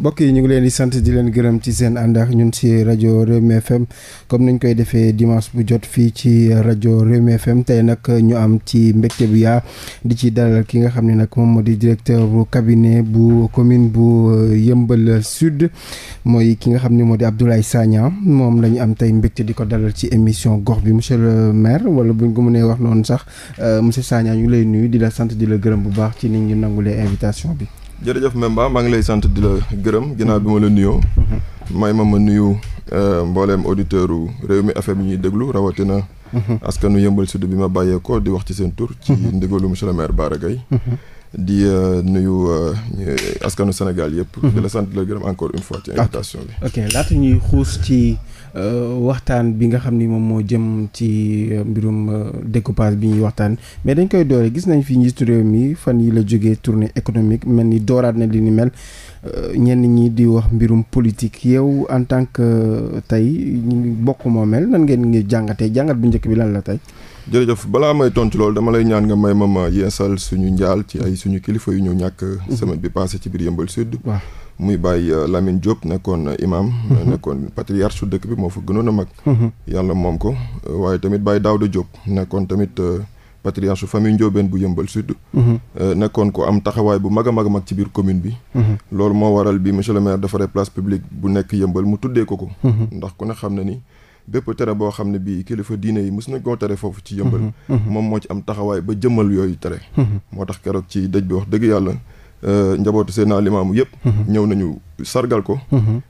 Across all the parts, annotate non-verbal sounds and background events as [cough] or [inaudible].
mbokk yi ñu ngi leen di sant di leen gërëm ci seen ànd ñun si rajo Rewmi FM comme nañ koy defee dimanche bu jot fii ci rajo Rewmi FM tey nag ñu am ci mbégte bu yaa di ci dalal ki nga xam ne nag moom moo di directeur bu cabinet bu commune bu euh, yëmbal Sud mooy ki nga xam ne moo di Abdoulaye Sagna moom la ñu am tey mbégte di ko dalal ci émission gox bi monsieur le maire wala buñ ko mënee wax noonu sax euh, monsieur Sagna ñu lay nuyu di la sant di la gërëm bu baax ci ni ñu nangulee invitation bi. jërëjëf Mbemba maa ngi lay sant di la gërëm ginnaaw bi ma la nuyoo. may ma ma nuyu euh, mbooleem auditeur u mi FM yi ñuy déglu rawatina. Mhm. askanu yëmbal sud bi ma bàyyeekoo di wax ci seen tur. ci mhm. ndigalu monsieur le maire Bara Gaye mhm. di euh, nuyu euh, askanu Sénégal yëpp. Mhm. di la sant la gërëm encore une fois laata ñuy xuus ci euh, waxtaan bi nga xam ni moom moo jëm ci mbirum découpage bi ñuy waxtaan mais dañ koy doore gis nañ fi njiitu réew mi fan yi la jógee tournée économique mel ni dooraat na li ni mel ñeen ñi di wax mbirum politique yow en tant que tey bokk moo mel nan ngeen ngi jàngatee jàngat bu njëkk bi lan la tey. jërëjëf balaa may tontu loolu dama lay ñaan nga may ma yeesal suñu njaal ci ay suñu kilifa yu ñëw ñàkk. Mhm. semaine bi passé ci biir yëmbal sud. muy bàyyi euh, Lamine Diop nekkoon imam mhm. nekkoon patriarche su dëkk bi moo fa gënoon a mag. Mhm. yàlla moom ko euh, waaye tamit bàyyi Daouda Diop nekkoon tamit euh, patriarche su famille Ndiobène bu yëmbal sud. nekkoon ko am taxawaay bu mag a mag a mag ci biir commune bi. loolu moo waral bi monsieur le maire defaree place publique bu nekk yëmbal mu tuddee ko ko. ndax ku xam na bépp tere boo xam ne bii kilifa diine yi mos nañ koo tere foofu ci yëmbal mm-hmm. Mm-hmm. moom moo ci am taxawaay ba jëmmal yooyu tere mm-hmm. moo tax keroog ci dëj bi wax dëgg yàlla euh, njabootu Seydina Limaamu yëpp ñëw nañu sargal ko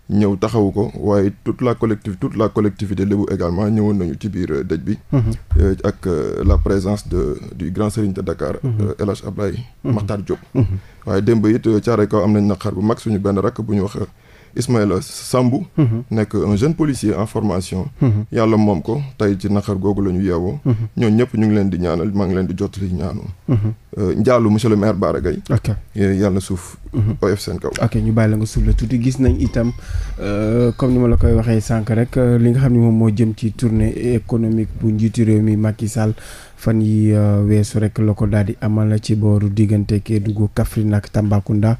ñëw taxawu ko waaye tout la collective toute la collectivité lébu également ñëwoon nañu ci biir euh, dëj bi euh, ak la présence de du grand sëriñ de Dakar El Hadj Abdoulaye Makhtar waaye démb it caare ko am nañ naqar bu mag suñu benn rakk bu ñu wax Ismaïla Sambou mhm. nekk un jeune policier en formation mhm. yàlla moom ko tey ci naqar googu la ñu yeewoo mhm. ñoo ñëpp ñu ngi leen di ñaanal maa ngi leen di jotali ñaanu euh, njaalu monsieur le maire Bara Gaye ok yàlla suuf oyof seen kaw ok ñu bàyyi la nga suuf la tuuti gis nañ itam euh, comme ni ma la koy waxee sànq rek euh, li nga xam ne moom moo jëm ci tournée économique bu njiitu réew mi Macky Sall fan yi weesu rek la ko daal di amal ci booru diggante Kédougou Kaffrine nak Tambacounda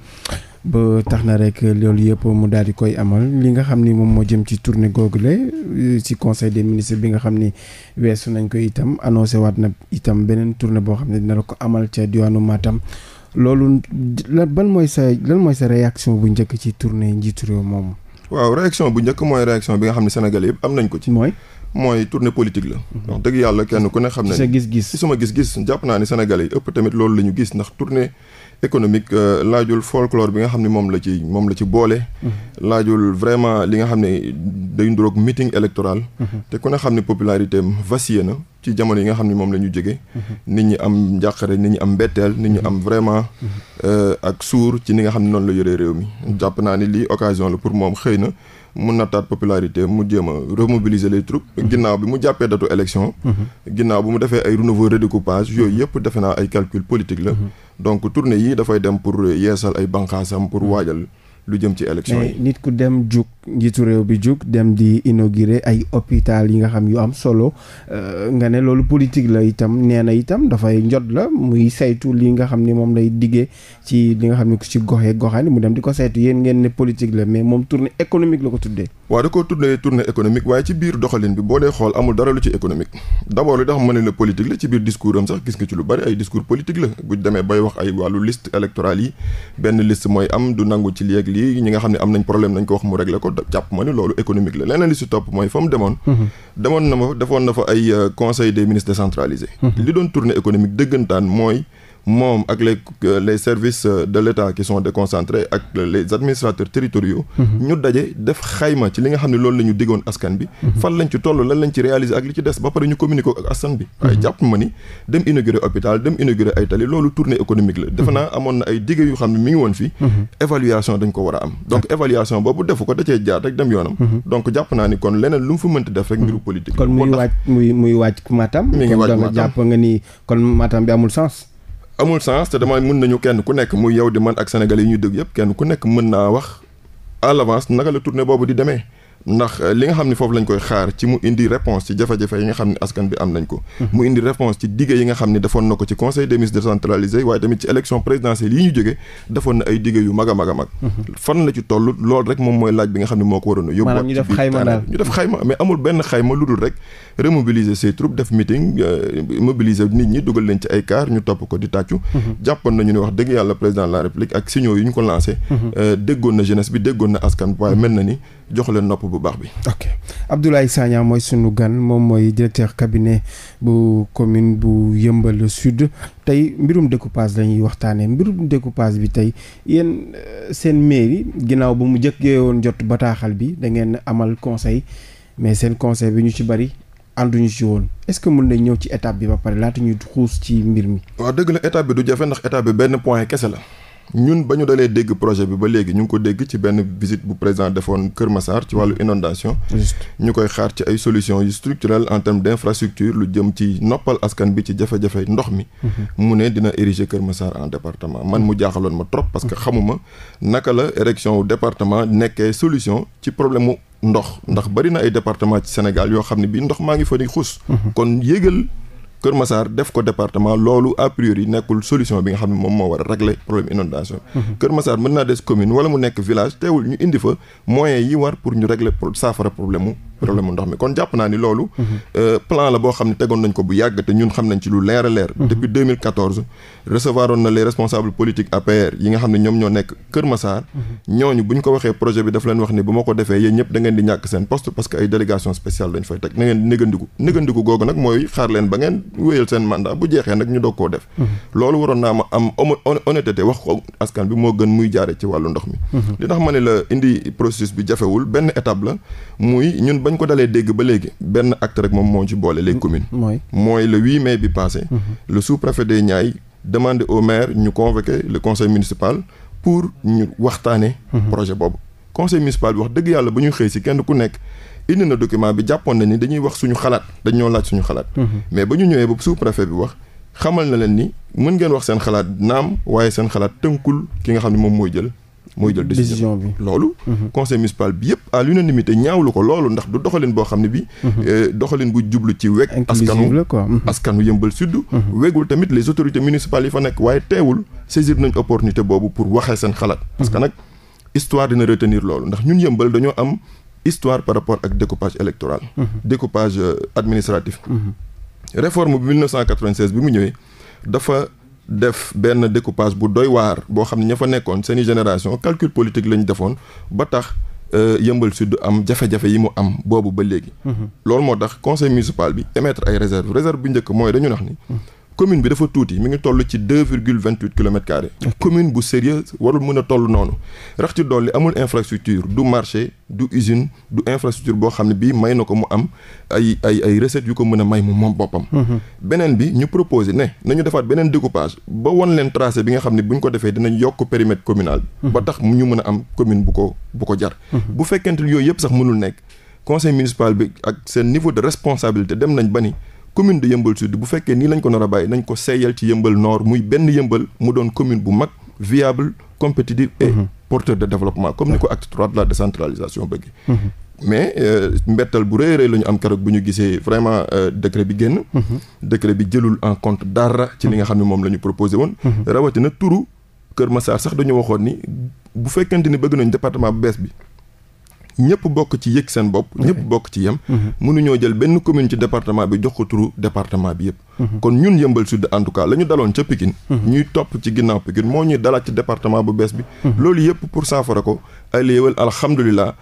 ba tax na rek loolu yëpp mu daal di koy amal li nga xam ni moom moo jëm ci tournée googule euh, ci conseil des ministres bi nga xam ni weesu nañ ko itam annoncé waat na itam beneen tournée boo xam ne dina la ko amal ca diwaanu maatam loolu lan ban mooy sa lan mooy sa bu njëkk ci tournée njiitu réew moomu. waaw réaction bu njëkk mooy réaction bi nga xam ne Sénégalais yëpp am nañ ko ci. mooy mooy tournée politique la. donc mhm. dëgg yàlla kenn ku ne xam. ne sa gis-gis ci sama gis-gis jàpp naa ne Sénégalais yi ëpp loolu la ñu gis ndax tournée. économique euh, laajul folklore bi nga xam ne moom la ci moom la ci boole. Mm-hmm. laajul vraiment li nga xam ne day nduroog meeting électoral. Mm-hmm. te ku ne xam ne popularité am vacillé na ci jamono yi nga xam ne moom la ñu jóge mm-hmm. nit ñi am njàqare nit ñi am mbetteel nit ñi am vraiment euh, ak suur ci ni nga xam ne noonu la yore réew mi. jàpp naa ni li occasion la pour moom xëy na. mun na nattaat popularité mu jéem a remobiliser les troupes mhm. ginnaaw bi mu jàppee datu élection mhm. ginnaaw bi mu defee ay renouveau redécoupage yooyu mhm. yëpp defe naa ay calcul politique la donc tournée yi dafay dem pour yeesal ay banqaasam pour waajal lu jëm ci élection yi eh, nit ku dem jug njiitu réew bi jug dem di inaugurer ay hôpital yi nga xam yu am solo euh, nga ne loolu politique la itam nee na itam dafay njot la muy saytu li nga xam ni moom lay diggee ci li nga xam ne ci goxee goxaan mu dem di ko saytu yéen ngeen ne politique la mais moom tournée économique la ko tuddee waaw da ko tuddee tournée économique waaye ci biir doxalin bi boo dee xool amul dara lu ci économique d'abord ci biir discours am sax gis nga lu bari ay discours politique la bu demee bay wax ay wàllu liste électorale yi benn liste mooy am du nangu ci léegi lii ñi nga xam ne am nañ problème nañ ko wax mu réglé ko jàpp ma ni loolu économique la leneen li si topp mooy fa demoon mhm. demoon na ma defoon na fa ay euh, conseil des ministres décentralisé mhm. li doon tournée économique dëggantaan mooy moom ak les euh, les services euh, de l'État qui sont déconcentrés ak les administrateurs territoriaux mhm. ñu daje def xayma ci li nga xam ne loolu la ñu diggoon askan bi mhm. fan lañ ci toll lan lañ ci réaliser ak li ci des ba pare ñu communiquer ak askan bi waaye mhm. jàpp ma ni dem inaugurer hôpital dem inaugurer ay tali loolu tournée économique la defe naa amoon na ay digg yu xam ne mi ngi woon fii évaluation dañ ko war a am donc évaluation boobu defu ko da cee jaar dem yoonam donc jàpp naa ni kon leneen lu mu fi mënti def rek mbiru politique amul sens te dama mën nañu kenn ku nekk muy yow di man ak sénégalais yi ñuy dëgg yëpp kenn ku nekk mën naa wax à naka la tournée boobu di demee ndax euh, li nga xam ne foofu lañ koy xaar ci mu indi réponse ci jafe-jafe yi nga xam ne askan bi am nañ ko mhm. mu indi réponse ci digge yi nga xam ne defoon na ko ci conseil des ministres décentralisé waaye tamit ci élection présidentielle yi ñu jógee defoon na ay digge yu mag a mag a mag mhm. fan la ci toll loolu rek moom mooy laaj bi nga xam ne moo ko waroon a yóbbu ñu def xayma mais amul benn xayma lu dul rek remobiliser ses troupes def meeting euh, mobiliser jox leen nopp bu baax bi. ok Abdoulaye Sagna mooy sunu gan moom mooy directeur cabinet bu commune bu yëmbal Sud tey mbirum découpage la ñuy waxtaanee mbirum découpage bi tey yéen euh, seen mairie ginnaaw ba mu jëkkee woon jot bataaxal bi da ngeen amal conseil mais seen conseil bi ñu ci bari ànduñu ci woon est-ce que mën nañ ñëw ci étape bi ba pare laata ñuy xuus ci mbir mi. waaw dëgg la étape bi du jafe ndax étape bi benn point kese la. ñun ba ñu dalee dégg projet bi ba léegi ñu ngi ko dégg ci benn visite bu président defoon Kër Massar ci wàllu inondation ñu koy xaar ci ay solution yu structurelles en termes d' infrastructure lu jëm ci noppal askan bi ci jafe-jafe ndox mi mhm. mu ne dina ériger Kër Massar en département man mu jaaxaloon ma trop parce que xamuma naka la érection wu département nekkee solution ci problème mu ndox ndax bari na ay département ci Sénégal yoo xam ne bii ndox maa ngi fa di xus mhm. yégal Kër Massar def ko département loolu a priori nekkul solution bi nga xam ne moom moo war a régler problème inondation mhm. Kër Massar mën naa des commune wala mu nekk village teewul ñu indi fa moyens yi war pour ñu régler saafara problème problème ndox mi kon jàpp naa ni loolu mhm. euh, plan la boo xam ne tegoon nañ ko bu yàgg te ñun xam nañ ci lu leer leer mhm. depuis 2014 na les responsables politiques APR yi nga xam ne ñoom ñoo nekk Kër Massar ñooñu bu wéyal seen mandat bu jeexee nag ñu doog ko def mhm. loolu waroon naa ma am honnêteté wax ko askan bi moo gën muy jaare ci wàllu ndox mi mhm. li tax ma ne la indi processus bi jafewul benn étape la muy ñun bañ ko dalee dégg ba léegi benn acte rek moom moo ci boole les communes mooy le 8 mai bi passé mhm. le sous-préfet des ñaay demande au maire ñu convoquer le conseil municipal pour ñu waxtaane projet boobu conseil municipal bi wax dëgg yàlla ba ñu xëy si kenn ku nekk indi na document bi jàppoon na ni dañuy wax suñu xalaat dañ ñoo laaj suñu xalaat. mais ba ñu ñëwee ba sous préfet bi wax xamal na leen ni mën ngeen wax seen xalaat naam waaye seen xalaat tënkul ki nga xam ne moom mooy jël. mooy jël décision bi loolu. conseil municipal bi yëpp à l'unanimité ñaawlu ko loolu ndax du doxalin boo xam ne bi euh, doxalin bu jublu ci wegg. askanu askanu yëmbal sud. wegul tamit les autorités municipales yi fa nekk waaye teewul saisir nañ opportunité boobu pour waxee seen xalaat. parce que nag histoire dina retenir loolu ndax ñun yëmbal dañoo am histoire par rapport ak découpage électoral mhm. découpage euh, administratif mhm. réforme bi 1996 bi mu ñëwee dafa def benn découpage bu doy waar boo xam ne ña fa nekkoon seeni génération calcul politique la ñu defoon ba tax euh, yëmbal sud am jafe-jafe yi mu am boobu ba léegi mhm. loolu moo tax conseil municipal bi émettre ay réserve réserve bu njëkk mooy dañu nax ni commune bi dafa tuuti mi ngi toll ci deux virgule vingt huit kilomètres carrés commune bu sérieux warul mën a toll noonu rax ci dolli amul infrastructure du marché du usine du infrastructure boo xam ne bii may na ko mu am ay ay ay recettes yu ko mën a may mu moom boppam mhm. beneen bi ñu proposé ne nañu defaat beneen découpage ba won leen tracé bi nga xam ne bu ñu ko defee dinañ yokk périmètre communal bi mhm. ba tax ñu mën a am commune bu ko bu ko jar mhm. bu fekkente yooyu yëpp sax mënul nekk conseil municipal bi ak seen niveau de responsabilité dem nañ ba ni commune de yëmbal sud bu fekkee nii lañ ko nar a bàyyi nañ ko seeyal ci yëmbal nord muy benn yëmbal mu doon commune bu mag viable compétitive et mhm. porteur de développement comme ni ko acte trois de la décentralisation bëgg mhm. mais euh, mbettal bu rëy rëy la ñu am keroog bu ñu gisee vraiment euh, décret bi génn mhm. décret bi jëlul en compte dara ci li nga xam ne moom la ñu proposé woon rawatina turu Kër Massar sax dañu waxoon ni bu fekkente ni bëgg nañ département bu bees bi ñëpp bokk ci yëg seen bopp ñëpp bokk ci yem mhm. mënuñoo jël benn commune ci département bi jox ko turu département bi yëpp mhm. kon ñun yëmbal sud en tout cas la ñu daloon ca Pikine mhm. ñuy topp ci ginnaaw Pikine moo ñuy dalaat ci département bu bees bi loolu yëpp pour saafara ko ay léewal alhamdulilah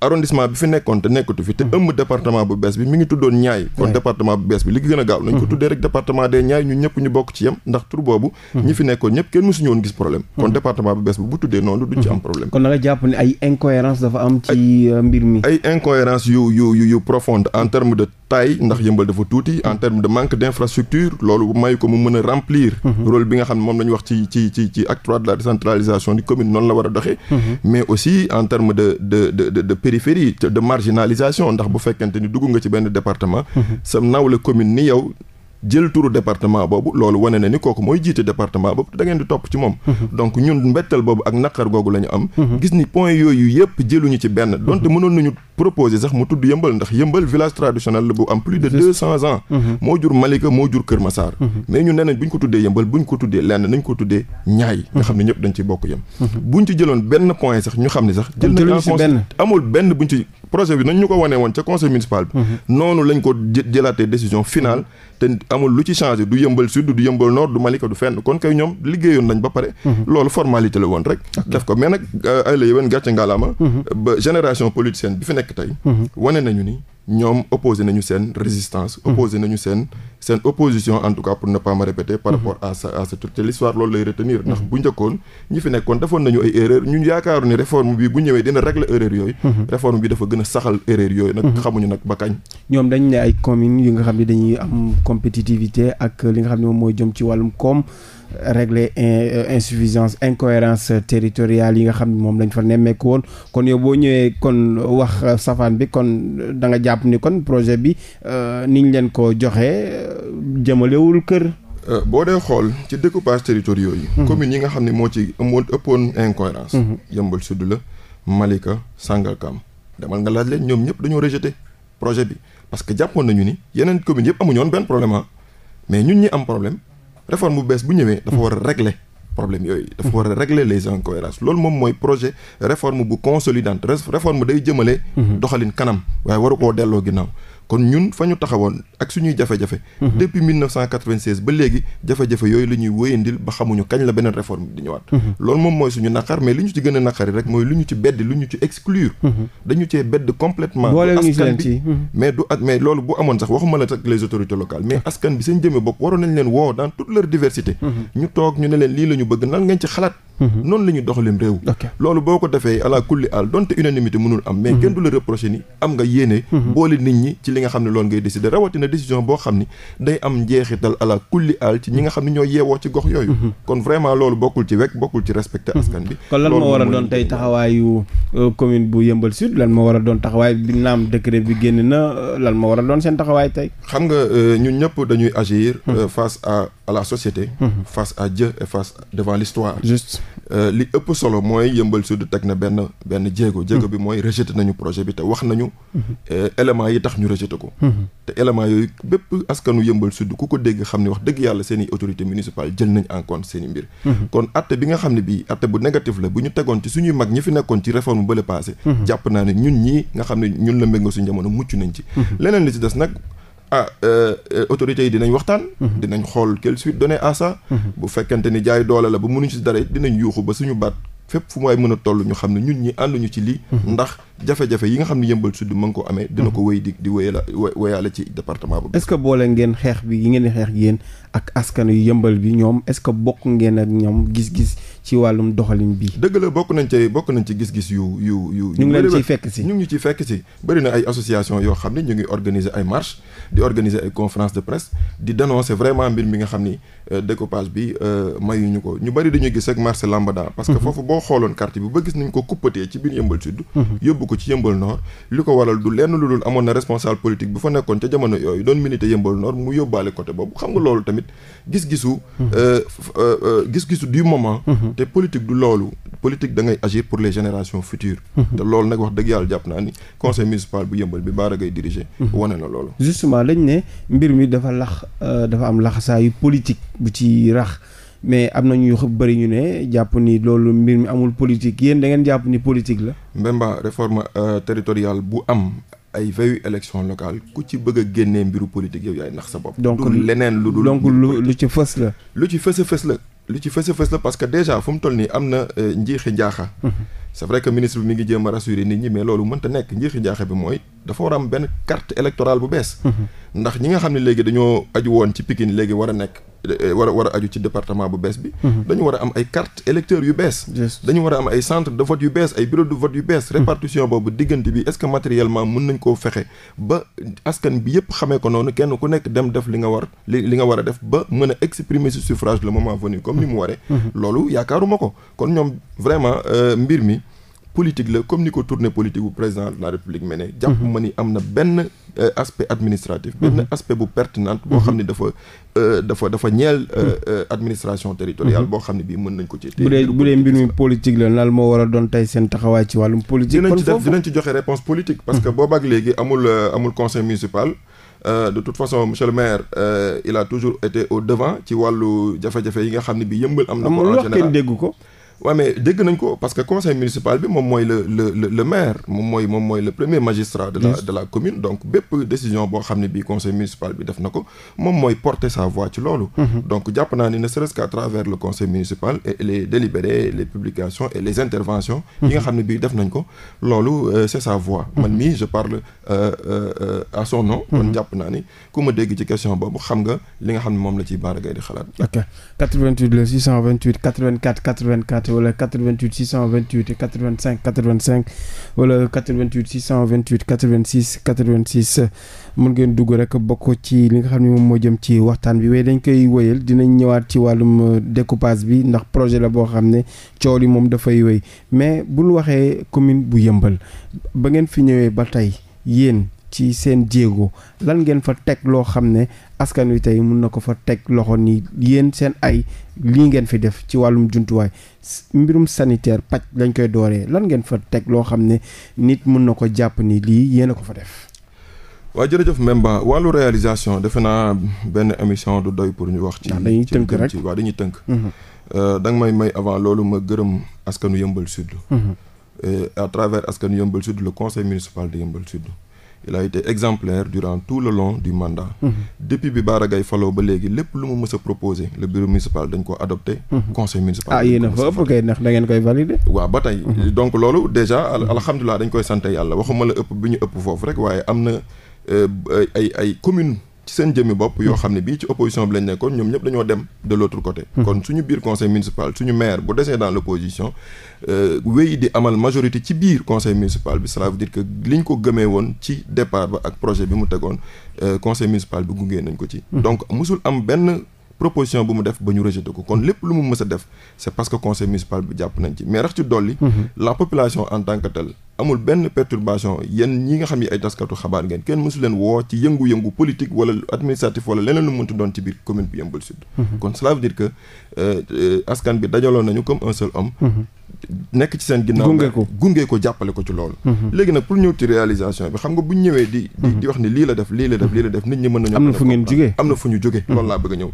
arrondissement bi fi nekkoon te nekkatu fi te hmm. ëmb département bu bees bi mi ngi tuddoon ñaay kon département bu bees bi li gën a gaaw nañ ko hmm. tuddee rek département des ñaay ñun ñëpp ñu bokk ci yem ndax tur boobu hmm. ñi fi nekkoon ñëpp kenn mësuñu woon gis problème kon département bu bees bi bu tuddee noonu duñ ci am problème kon da nga jàpp ne ay incohérence dafa am ci euh, mbir mi ay incohérence yu yu yu yu profonde en terme de taille ndax yëmbal dafa tuuti en terme de manque d' infrastructure loolu may ko mu mën a remplir rôle bi nga xam ne moom la ñu wax ci ci ci ci acte trois de la décentralisation di commune noonu la war a doxee mais aussi en terme de de de périphérie de marginalisation ndax bu fekkente ni dugg nga ci benn département. Mm-hmm. sam nawle commune ni yow jël turu département boobu loolu wane na ni kooku mooy jiite département boobu da ngeen di topp ci moom mhm. donc ñun mbettal boobu ak naqar googu la ñu am mhm. gis ni point yooyu yëpp jëluñu ci benn mhm. donte mënoon nañu proposer sax mu tudd yëmbal ndax yëmbal village traditionnel la bu am plus de deux cents ans moo jur Malika moo jur Kër Massar mais ñu nee nañ bu ñu ko tuddee yëmbal bu ko tuddee lenn nañ ko tuddee ñaay nga xam ne ñëpp dañ ci bokk yem buñ ci jëloon benn sax ñu xam ne sax jël nañ amul benn buñ ci projet bi nañ ñu ko wanee woon ca conseil municipal bi noonu lañ ko jëlaatee décision finale te amul lu ci changé du yëmbal sud du yëmbal nord du Malika du fenn kon kay ñoom liggéeyoon nañ ba pare mhm. loolu formalité la woon rek def ko mais nag euh, ay la nga gàcce ngaalaama mhm. ba génération politicienne bi fi nekk tey mhm. wane nañu ni ñoom opposé nañu seen résistance hmm. opposé nañu seen seen opposition en tout cas pour ne pas me répéter par hmm. rapport à ça à ce truc te l'histoire lay retenir ndax hmm. bu njëkkoon ñi fi nekkoon defoon nañu ay erreur ñun yaakaaru ni réforme bi bu ñëwee dina régler erreur yooyu réforme bi dafa gën a saxal erreur yooyu nag xamuñu nag ba kañ ñoom dañ ne ay communes yi nga xam ne dañuy am compétitivité ak li nga xam ne moom mooy jëm ci wàllum koom regle in euh, insuffisance incohérence territoriale yi nga xam ne moom lañ fa nemmeek woon kon yow boo ñëwee kon wax euh, safaan bi kon euh, da nga jàpp ni kon projet bi ñu leen ko joxee jëmalewul kër boo dee xool ci découpage territoriaux yi mhm. communes yi nga xam ne moo ci moo ëppoon incohérence mhm. Yeumbeul Sud la Malika Sangalkam demal nga laaj leen ñoom ñëpp dañoo rejeté projet bi parce que jàppoon nañu ni yeneen communes yëpp amuñoon benn problème ah. mais ñun ñi am problème réforme bu bees bu ñëwee. dafa war a régler problème yooyu. dafa war a régler les incohérences loolu moom mooy projet réforme bu consolidante réforme day jëmale. Mhm. doxalin kanam waaye waru koo delloo ginnaaw. kon ñun fa ñu taxawoon ak suñuy jafe-jafe. Mhm. depuis 1996 ba léegi jafe-jafe yooyu la ñuy ba xamuñu kañ la beneen réforme di ñëwaat. Mhm. loolu moom mooy suñu naqar mais li ñu ci gën a naqari rek mooy lu ñu ci bedd lu ñu ci exclure. Mhm. dañu cee bedd complètement askan bi mais du at mais loolu bu amoon sax waxuma la sax les autorités locales mais askan bi seen jëmee bopp waroon nañ leen woo dans toute leur diversité. ñu toog ñu ne leen lii la bëgg nan ngeen li nga xam ne loolu ngay décider rawatina décision boo xam ni day am njeexital ala mm-hmm. bokkul ci wekk bokkul ci respecter mm-hmm. askan bi kon lan moo war a doon taxawaayu euh, commune bu Yeumbeul Sud lan moo war a doon taxawaay bi naam décret bi génn na lan moo war a doon seen taxawaay tey xam nga euh, ñun ñëpp dañuy agir mm-hmm. euh, face à à la société. Mhm. face à Dieu et face devant l'histoire juste euh, li ëpp solo mooy Yeumbeul Sud teg na benn benn jéego. jéego mhm. bi mooy rejeté nañu projet bi te wax nañu. Mhm. Euh, éléments yi tax ñu rejeté ko. te éléments yooyu bépp askanu Yeumbeul Sud ku ko dégg xam ne wax dëgg yàlla seen autorité autorités municipales jël nañ en compte seen mbir. kon atte bi nga xam ne bii atte bu négatif la bu ñu tegoon ci suñuy mag ñi fi nekkoon ci réforme bële passé. jàpp naa ne ñun ñii nga xam ne ñun la mbég nga jamono mucc nañ ci. leneen li ci des nag. ah euh, euh, autorités yi dinañ waxtaan. Mhm. dinañ xool quelle suite donner à ça. Mhm. bu fekkente ni jaay doole la ba mënuñ ci dara dinañ yuuxu ba suñu baat fépp fu may mën a toll ñu xam ne ñun ñi ànduñu ci lii. Mhm. ndax jafe yi nga xam ne yëmbal sud ma ngi ko amee. dina ko wéy di di wéyala wéyale ci département bu. est-ce que boole ngeen xeex bi yi ngeen di xeex yéen ak askan yu yëmbal bi ñoom est-ce que bokk ngeen ak ñoom gis-gis. ci wàllum doxalin bi dëgg la bokk nañ ci bokk nañ ci gis-gis yu yu yu ñu ngi leen ciy fekk si ñu ngi ñu ciy fekk si bëri ay association yoo xam ne ñu ngi organiser ay marche di organiser ay confrance de presse di dénoncer vraiment mbir mi nga xam ni Euh, découpage bi euh, mayuñu ko ñu bari dañuy gis ak marché lambada parce que mhm. foofu boo xooloon carte bi ba gis nañ ko kuppatee ci biir yëmbal sud mhm. yóbbu ko ci yëmbal nord li ko waral du lenn lu dul amoon na responsable politique bu fa nekkoon ca jamono yooyu doon milité yëmbal nord mu yóbbaale côté boobu xam nga loolu tamit gis-gisu mhm. euh, gis-gisu du moment te politique du loolu politique da ngay agir pour les générations futures te loolu nag wax dëgg yàlla jàpp naa ni conseil municipal bu yëmbal bi baara ngay diriger wane na loolu justement dañ ne mbir mi dafa lax dafa am laxasaayu politique bu ci rax mais am na ñu bëri ñu ne jàpp ni loolu mbir mi amul politique yéen da ngeen jàpp ni politique la. Mbemba réforme euh, territoriale bu am ay veillu élection locale ku ci bëgg a génnee mbiru politique yow yaay ndax sa bopp. donc leneen lu dul donc lu lu ci fës la. lu ci fës a la. lu ci fës a fës parce que déjà fu toll nii am na euh, njiixi njaaxa. Mhm. c'est vrai que ministre bi mi ngi jéem a rassurer nit ñi mais loolu mënta nekk njiixi njaaxa bi mooy dafa war am benn carte électorale bu bees. Mhm. ndax ñi nga xam ne léegi dañoo aju woon ci Pikine léegi war a nekk eh, war war aju ci département bu bees bi mhm. dañu war a am ay carte électeurs yu bees dañu war a am ay centre de vote yu bees ay bureau de vote yu bees mhm. répartition boobu diggante bi est-ce matériellement mën nañ koo fexe ba askan bi yëpp xamee ko noonu kenn ku nekk dem def li nga war li li nga war a def ba mën a exprimer ce suffrage le moment venu comme ni mu mhm. waree loolu yaakaaruma ko kon ñoom vraiment euh, mbir mi politique la comme ni ko tournée politique bu président de la république mené. jàpp mhm. ma ni am na benn euh, aspect administratif. Mhm. benn aspect bu pertinent. boo xam mhm. ne dafa euh, dafa dafa ñeel euh, administration territoriale. boo xam ne bii mën nañ ko ci. bu dee bu dee mbir mi politique la lan moo war doon tey seen taxawaay ci wàllum politique. kon foofu dinañ ci joxe réponse politique. parce que boobaak léegi amul amul conseil municipal. Euh, de toute façon monsieur le maire euh, il toujours été au devant ci wàllu jafe-jafe yi nga xam ne bi yëmbal am na ko en général ko waaw mais dégg nañ ko parce que conseil municipal bi moom mooy le le le le maire moom mooy moom mooy premier magistrat de la commune donc bépp décision boo xam ne bii conseil municipal bi def na ko moom mooy porter sa voix ci loolu mm-hmm. donc jàpp naa ni ne serait-ce qu'à travers le conseil municipal et les délibérés les publications et les interventions yi nga mm-hmm. xam ne bi def nañ ko loolu euh, c'est sa voix mm-hmm. man mii je parle euh, euh, à son nom kon jàpp naa ni ku ma dégg ci question boobu xam nga li nga xam ne moom la ciy baaragay 7 wala 88 628 85 85 wala 88 628 86 86 mun ngeen dugg rek bokk ci li nga xam ne moom moo jëm ci waxtaan bi waaye dañ koy wéyal dinañ ñëwaat ci wàllum euh, découpage bi ndax projet la boo xam ne coow li moom dafay wéy mais bul waxee commune bu yëmbal ba ngeen fi ñëwee ba tey yéen. ci seen jéego lan ngeen fa teg loo xam ne askan wi tey mun na ko fa teg loxo ni yéen seen ay lii ngeen fi def ci wàllum jumtuwaay mbirum sanitaire paj lañ koy dooree lan ngeen fa teg loo xam ne nit mun na ko jàpp ni lii yéen a ko fa def. waaw jërëjëf Mbemba wàllu réalisation defe naa benn émission du doy pour ñu wax. ci dañuy tënk rek mhm. euh, waaw dañuy tënk. da nga may may avant loolu ma gërëm askanu yëmbal sud. Mhm. à travers askanu yëmbal sud le conseil municipal de yëmbal il a été exemplaire durant tout le long du mandat. Mhm. depuis bi Bara Gaye faloo ba léegi lépp lu mu mës a proposé le bureau municipal dañ ko adopté. Mhm. conseil municipal ah yéen a fa ëpp kay ndax da ngeen koy validé. waa ba tey mhm. donc loolu déjà alhamdulilah dañ koy sant yàlla waxuma la ëpp bi ñu ëpp foofu rek waaye am na euh, ay ay commune ci seen jëmmi bopp yoo xam ne bii ci opposition bi lañ nekkoon ñoom ñëpp dañoo dem de l' autre hmm. kon suñu biir conseil municipal suñu maire bu desee dans l' opposition euh, wéy di amal majorité ci biir conseil municipal bi cela veut dire que liñ ko gëmee woon ci départ ba ak projet bi mu tegoon euh, conseil municipal bi gungee nañ ko ci hmm. donc musul am benn proposition bu mu def ba ñu rejeté ko kon lépp lu mu mës a def c' est parce que conseil municipal bi jàpp nañ ci mais hmm. la population en tant que amul benn perturbation yéen ñi nga xam ne ay taskatu xabaar ngeen kenn mësu leen woo ci yëngu-yëngu politique wala administratif wala leneen lu mënti doon ci biir commune bu Yeumbeul Sud mhm. kon cela dire que euh, askan bi dajaloo nañu comme un seul homme mhm. nekk ci seen ginnaaw gunge ko gunge ko jàppale ko ci loolu mhm. léegi nag pour ñëw ci réalisation bi xam nga bu ñu ñëwee di di wax ni lii la def lii la def lii def nit ñi mën nañu am na fu ngeen am na fu ñu jógee loolu laa bëgg a ñëw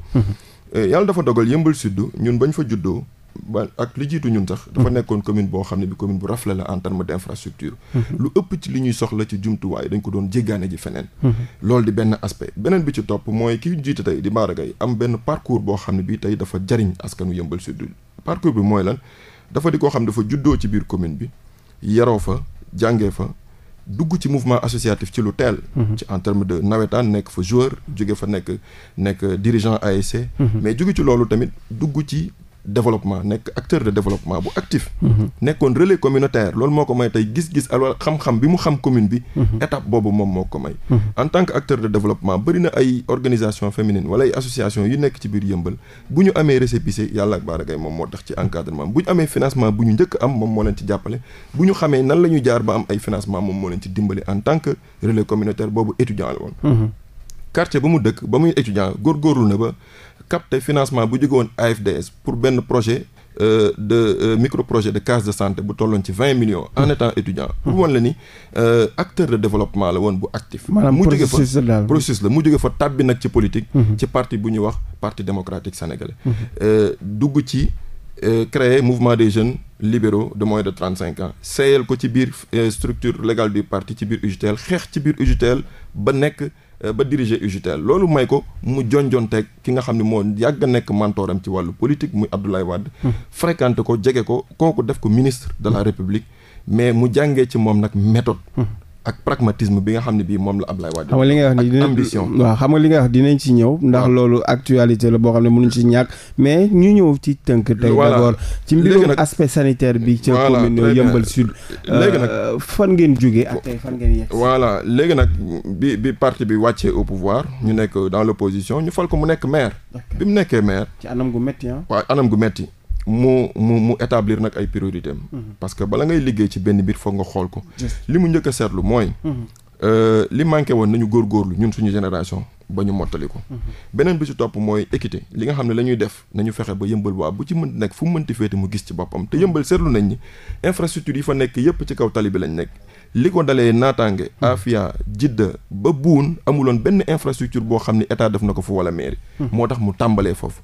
euh, yàlla dafa dogal Yeumbeul Sud ñun bañ fa juddoo ba ak li jiitu ñun sax dafa hmm. nekkoon commune boo xam ne bi commune bu rafle la en terme d' infrastructure hmm. lu ëpp ci li ñuy soxla ci jumtuwaay dañ ko doon jéggaane ji feneen hmm. loolu di benn aspect beneen bi ci topp mooy ki jiite tey di Bara am benn parcours boo xam ne bi tey dafa jariñ askanu yëmbal sud parcours bi mooy lan dafa di koo xam dafa juddoo ci biir commune bi yaroo fa jàngee fa dugg ci mouvement associatif ci lu teel ci en terme de nawetaan nekk fa joueur jóge fa nekk nekk dirigeant ASC mais jóge ci loolu tamit dugg ci développement nekk acteur de développement bu actif. Mhm. nekkoon relais communautaire loolu moo ko may tey gis-gis alors xam-xam bi mu xam commune bi. Mhm. étape boobu moom moo ko may. Mhm. en tant que acteur de développement bëri na ay organisation féminine wala ay association yu nekk ci biir yëmbal bu ñu amee récépissé yàlla ak baaragay moom moo tax ci encadrement bu ñu amee financement bu ñu njëkk am moom moo leen ci jàppale bu ñu xamee nan la jaar ba am ay financement moom moo leen ci dimbali en tant que relais communautaire capté financement bu jóge woon AFDS pour benn projet euh, de euh, micro projet de case de santé bu tolloon ci vingt millions. en étant étudiant. pour hmm. woon la ni euh, acteur de développement la woon bu actif. maanaam processus la processus la mu jóge fa tàbbi nag ci politique. Hmm. ci parti bu ñuy wax parti démocratique sénégalais. Hmm. Euh, dugg ci euh, créer mouvement des jeunes. libéraux de moins de trente cinq ans seeyal ko ci biir structure légale du parti ci biir UJTL xeex ci biir UJTL ba nekk Euh, ba diriger UJTL loolu may ko mu jonjonteeg ki nga xam ni moo yàgg a nekk mentoram ci wàllu politique muy Abdoulaye Wade hmm. fréquenté ko jege ko kooku def ko ministre de la hmm. République mais mu jàngee ci moom nag méthode hmm. ak pragmatisme bi nga xam ne bii moom la Ablaye Wade. xam nga li nga wax ni dinañ ambition waaw xam nga li nga wax dinañ ci ñëw. ndax loolu actualité la boo xam ne mënuñ ci ñàkk. mais ñu ñëw ci tënk tey d'abord ci mbirum aspect sanitaire bi. ca commune Yeumbeul Sud. léegi nag euh, fan ngeen jógee ak tey fan ngeen yegg. léegi nag bi bi parti bi wàccee au pouvoir ñu nekk dans position ñu fal ko mu nekk maire. bi mu nekkee maire. ci anam gu metti ah. waaw anam gu metti. mu mu mu établir nag ay priorité mhm. parce que bala ngay liggéey ci benn biir foog nga xool ko li mu njëkk a seetlu mooy mhm. euh, li manqué woon nañu góor góorlu ñun suñu génération ba ñu mottali ko mhm. beneen bi ci topp mooy équité li nga xam ne lañuy def nañu fexe ba yëmbal waa bu ci mën nekk fu mu mënti féete mu gis ci boppam te yëmbal seetlu nañ ni infrastructure yi fa nekk yëpp ci kaw tali bi lañ nekk li ko dalee naataange Afia Jidda ba buun amuloon benn infrastructure boo xam ne état def na ko fu wala mairie moo tax mu foofu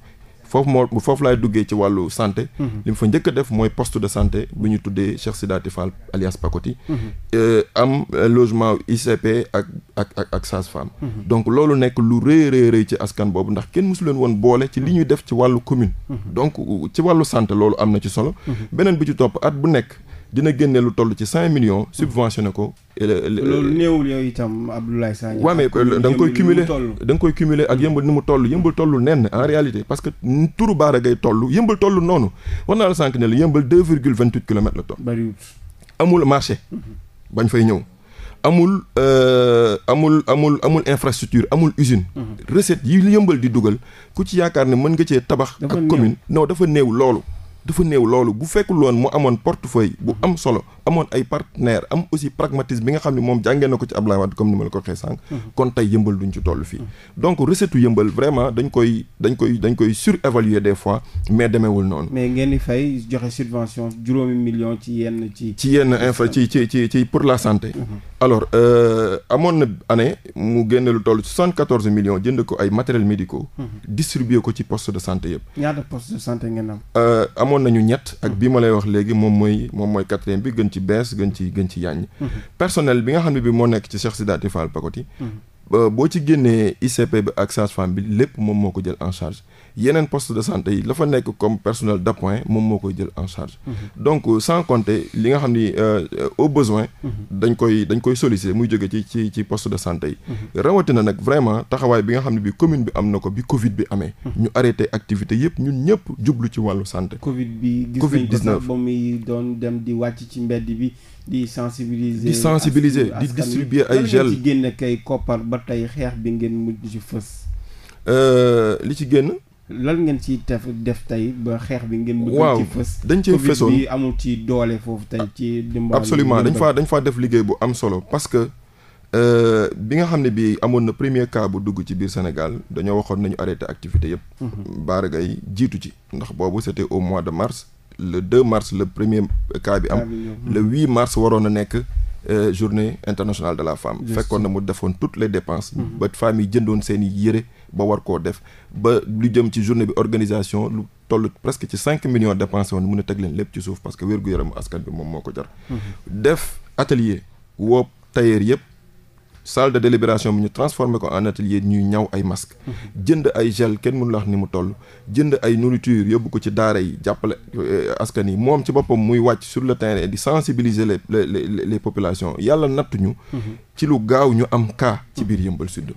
foofu moo foofu laay duggee ci wàllu santé. Mhm. li fa njëkk a def mooy poste de santé bu ñu tuddee Cheikh Sidaati Fall alias Pakoti. Mhm. Euh, am euh, logement ICP ak ak ak ak sage-femme. Mhm. donc loolu nekk lu rëy rëy rëy ci askan boobu ndax kenn mosu leen woon boole ci li ñuy def ci wàllu commune. donc ci wàllu santé loolu am na ci solo. beneen bi ci topp at bu nekk. dina génne lu toll ci cinq millions subventionné ko. loolu euh, néewul yow itam Abdoulaye Sagna. waaw mais euh, koy cumuler da nga koy cumuler ak yëmbal ni mu toll yëmbal tollu nen en réalité parce que turu baara gay tollu yëmbal toll noonu war naa la sànq ne la yëmbal deux virgule vingt huit kilomètres la toll. amul marché. Mhm. bañ fay ñëw. amul euh, amul amul amul infrastructure amul usine. Mhm. recette yi yëmbal di dugal ku ci yaakaar ne mën nga cee tabax. ak commune non dafa néew loolu. dafa néew loolu bu fekkul woon mu amoon portefeuille bu am solo amoon ay partenaire am aussi pragmatisme bi nga xam ne moom jàngeen na ko ci Ablaye Wade comme ni ma la ko waxee sànq. Mmh. kon tey yëmbal duñ ci toll fii. Mmh. donc recette yëmbal vraiment dañ koy dañ koy dañ koy surévaluer des fois mais demeewul noonu. mais ngeen di fay joxe subvention juróomi million ci yenn ci. ci yenn infra ci ci ci ci pour la santé. Mmh. alors euh, amoon na année mu génne lu toll soixante-quatorze millions jënd ko ay matériels médicaux. distribuer ko ci poste de santé yëpp. ñaata poste de santé ngeen am. Euh, amoon nañu ñett ak bii ma lay wax léegi moom mooy moom mooy quatrième bi gën ci bees gën ci gën ci yàññ personnel bi nga xam ne bi moo nekk ci Cheikh Sidaati Fall Pakoti mhm. boo ci génnee ICP bi ak sage-femme bi lépp moom moo ko jël en yeneen poste de santé yi la fa nekk comme personnel d'appoint moom moo koy jël en charge donc sans compter li nga xam ni euh, au besoin dañ koy dañ koy solliciter muy jóge ci ci ci poste de santé yi rawatina nag vraiment taxawaay bi nga xam ne bi commune bi am na ko bi covid bi amee ñu arrêté activité yëpp ñun ñëpp jublu ci wàllu santé covid bi covid 19 ba muy doon dem di wàcc ci mbedd bi di sensibiliser di sensibiliser di distribuer ay gel ci génn kay koppar ba tey xeex bi ngeen mujj ci fës euh, li ci génn lan ngeen ci def def tey ba xeex bi ngeen. bëgg ci fës dañ cee fësoon bi amul ci doole foofu tey ci. dimbalu absolument dañ faa dañ faa def liggéey bu am solo parce que euh, bi nga xam ne bii amoon na premier cas bu dugg ci biir Sénégal dañoo waxoon nañu arrêté activité yëpp. Mhm. Baara Gaye jiitu ci ndax boobu c'était au mois de mars le 2 mars le premier cas bi am. le 8 mars waroon a nekk. Euh, journée internationale de la femme fekkoon na mu defoon toutes les dépenses mhm. ba femmes yi jëndoon seen i yëre ba war koo def ba lu jëm ci journée bi organisation lu toll presque ci cinq millions dépensé oon mu ne teg leen lépp ci suuf parce que wér-gu-yaramu askan bi moom moo ko jar mhm. def atelier woo tailleur yëpp salle de délibération bi ñu transformé ko en atelier ñuy ñaw ay masques. jënd ay gel kenn mënu la wax ni mu toll jënd ay nourriture yóbbu ko ci daara yi jàppale euh, askan yi moom ci boppam muy wàcc sur le terrain di sensibiliser le les les, les populations yàlla nattuñu. ci lu gaaw ñu am cas ci biir yëmbal sud.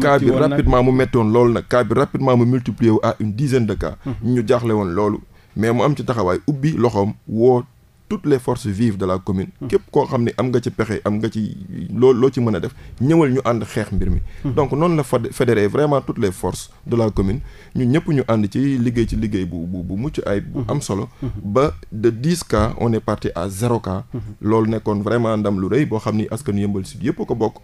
cas bi rapidement mu mettoon loolu nag cas bi rapidement mu multiplier wu à une dizaine de cas. ñu jaaxle woon loolu mais mu am ci taxawaay ubbi loxoom woo. toutes les forces vives de la commune. képp koo xam ne am nga ci pexe am nga ci loo loo ci mën a def ñëwal ñu ànd xeex mbir mi. donc noonu la fédéré vraiment toutes les forces de la commune ñu ñëpp ñu ànd ci liggéey ci liggéey bu bu bu mucc ayib. bu am solo. ba de dix cas on est parti à zéro cas. loolu nekkoon vraiment ndam lu rëy boo xam ni askan yëmbal sud yëpp ko bokk.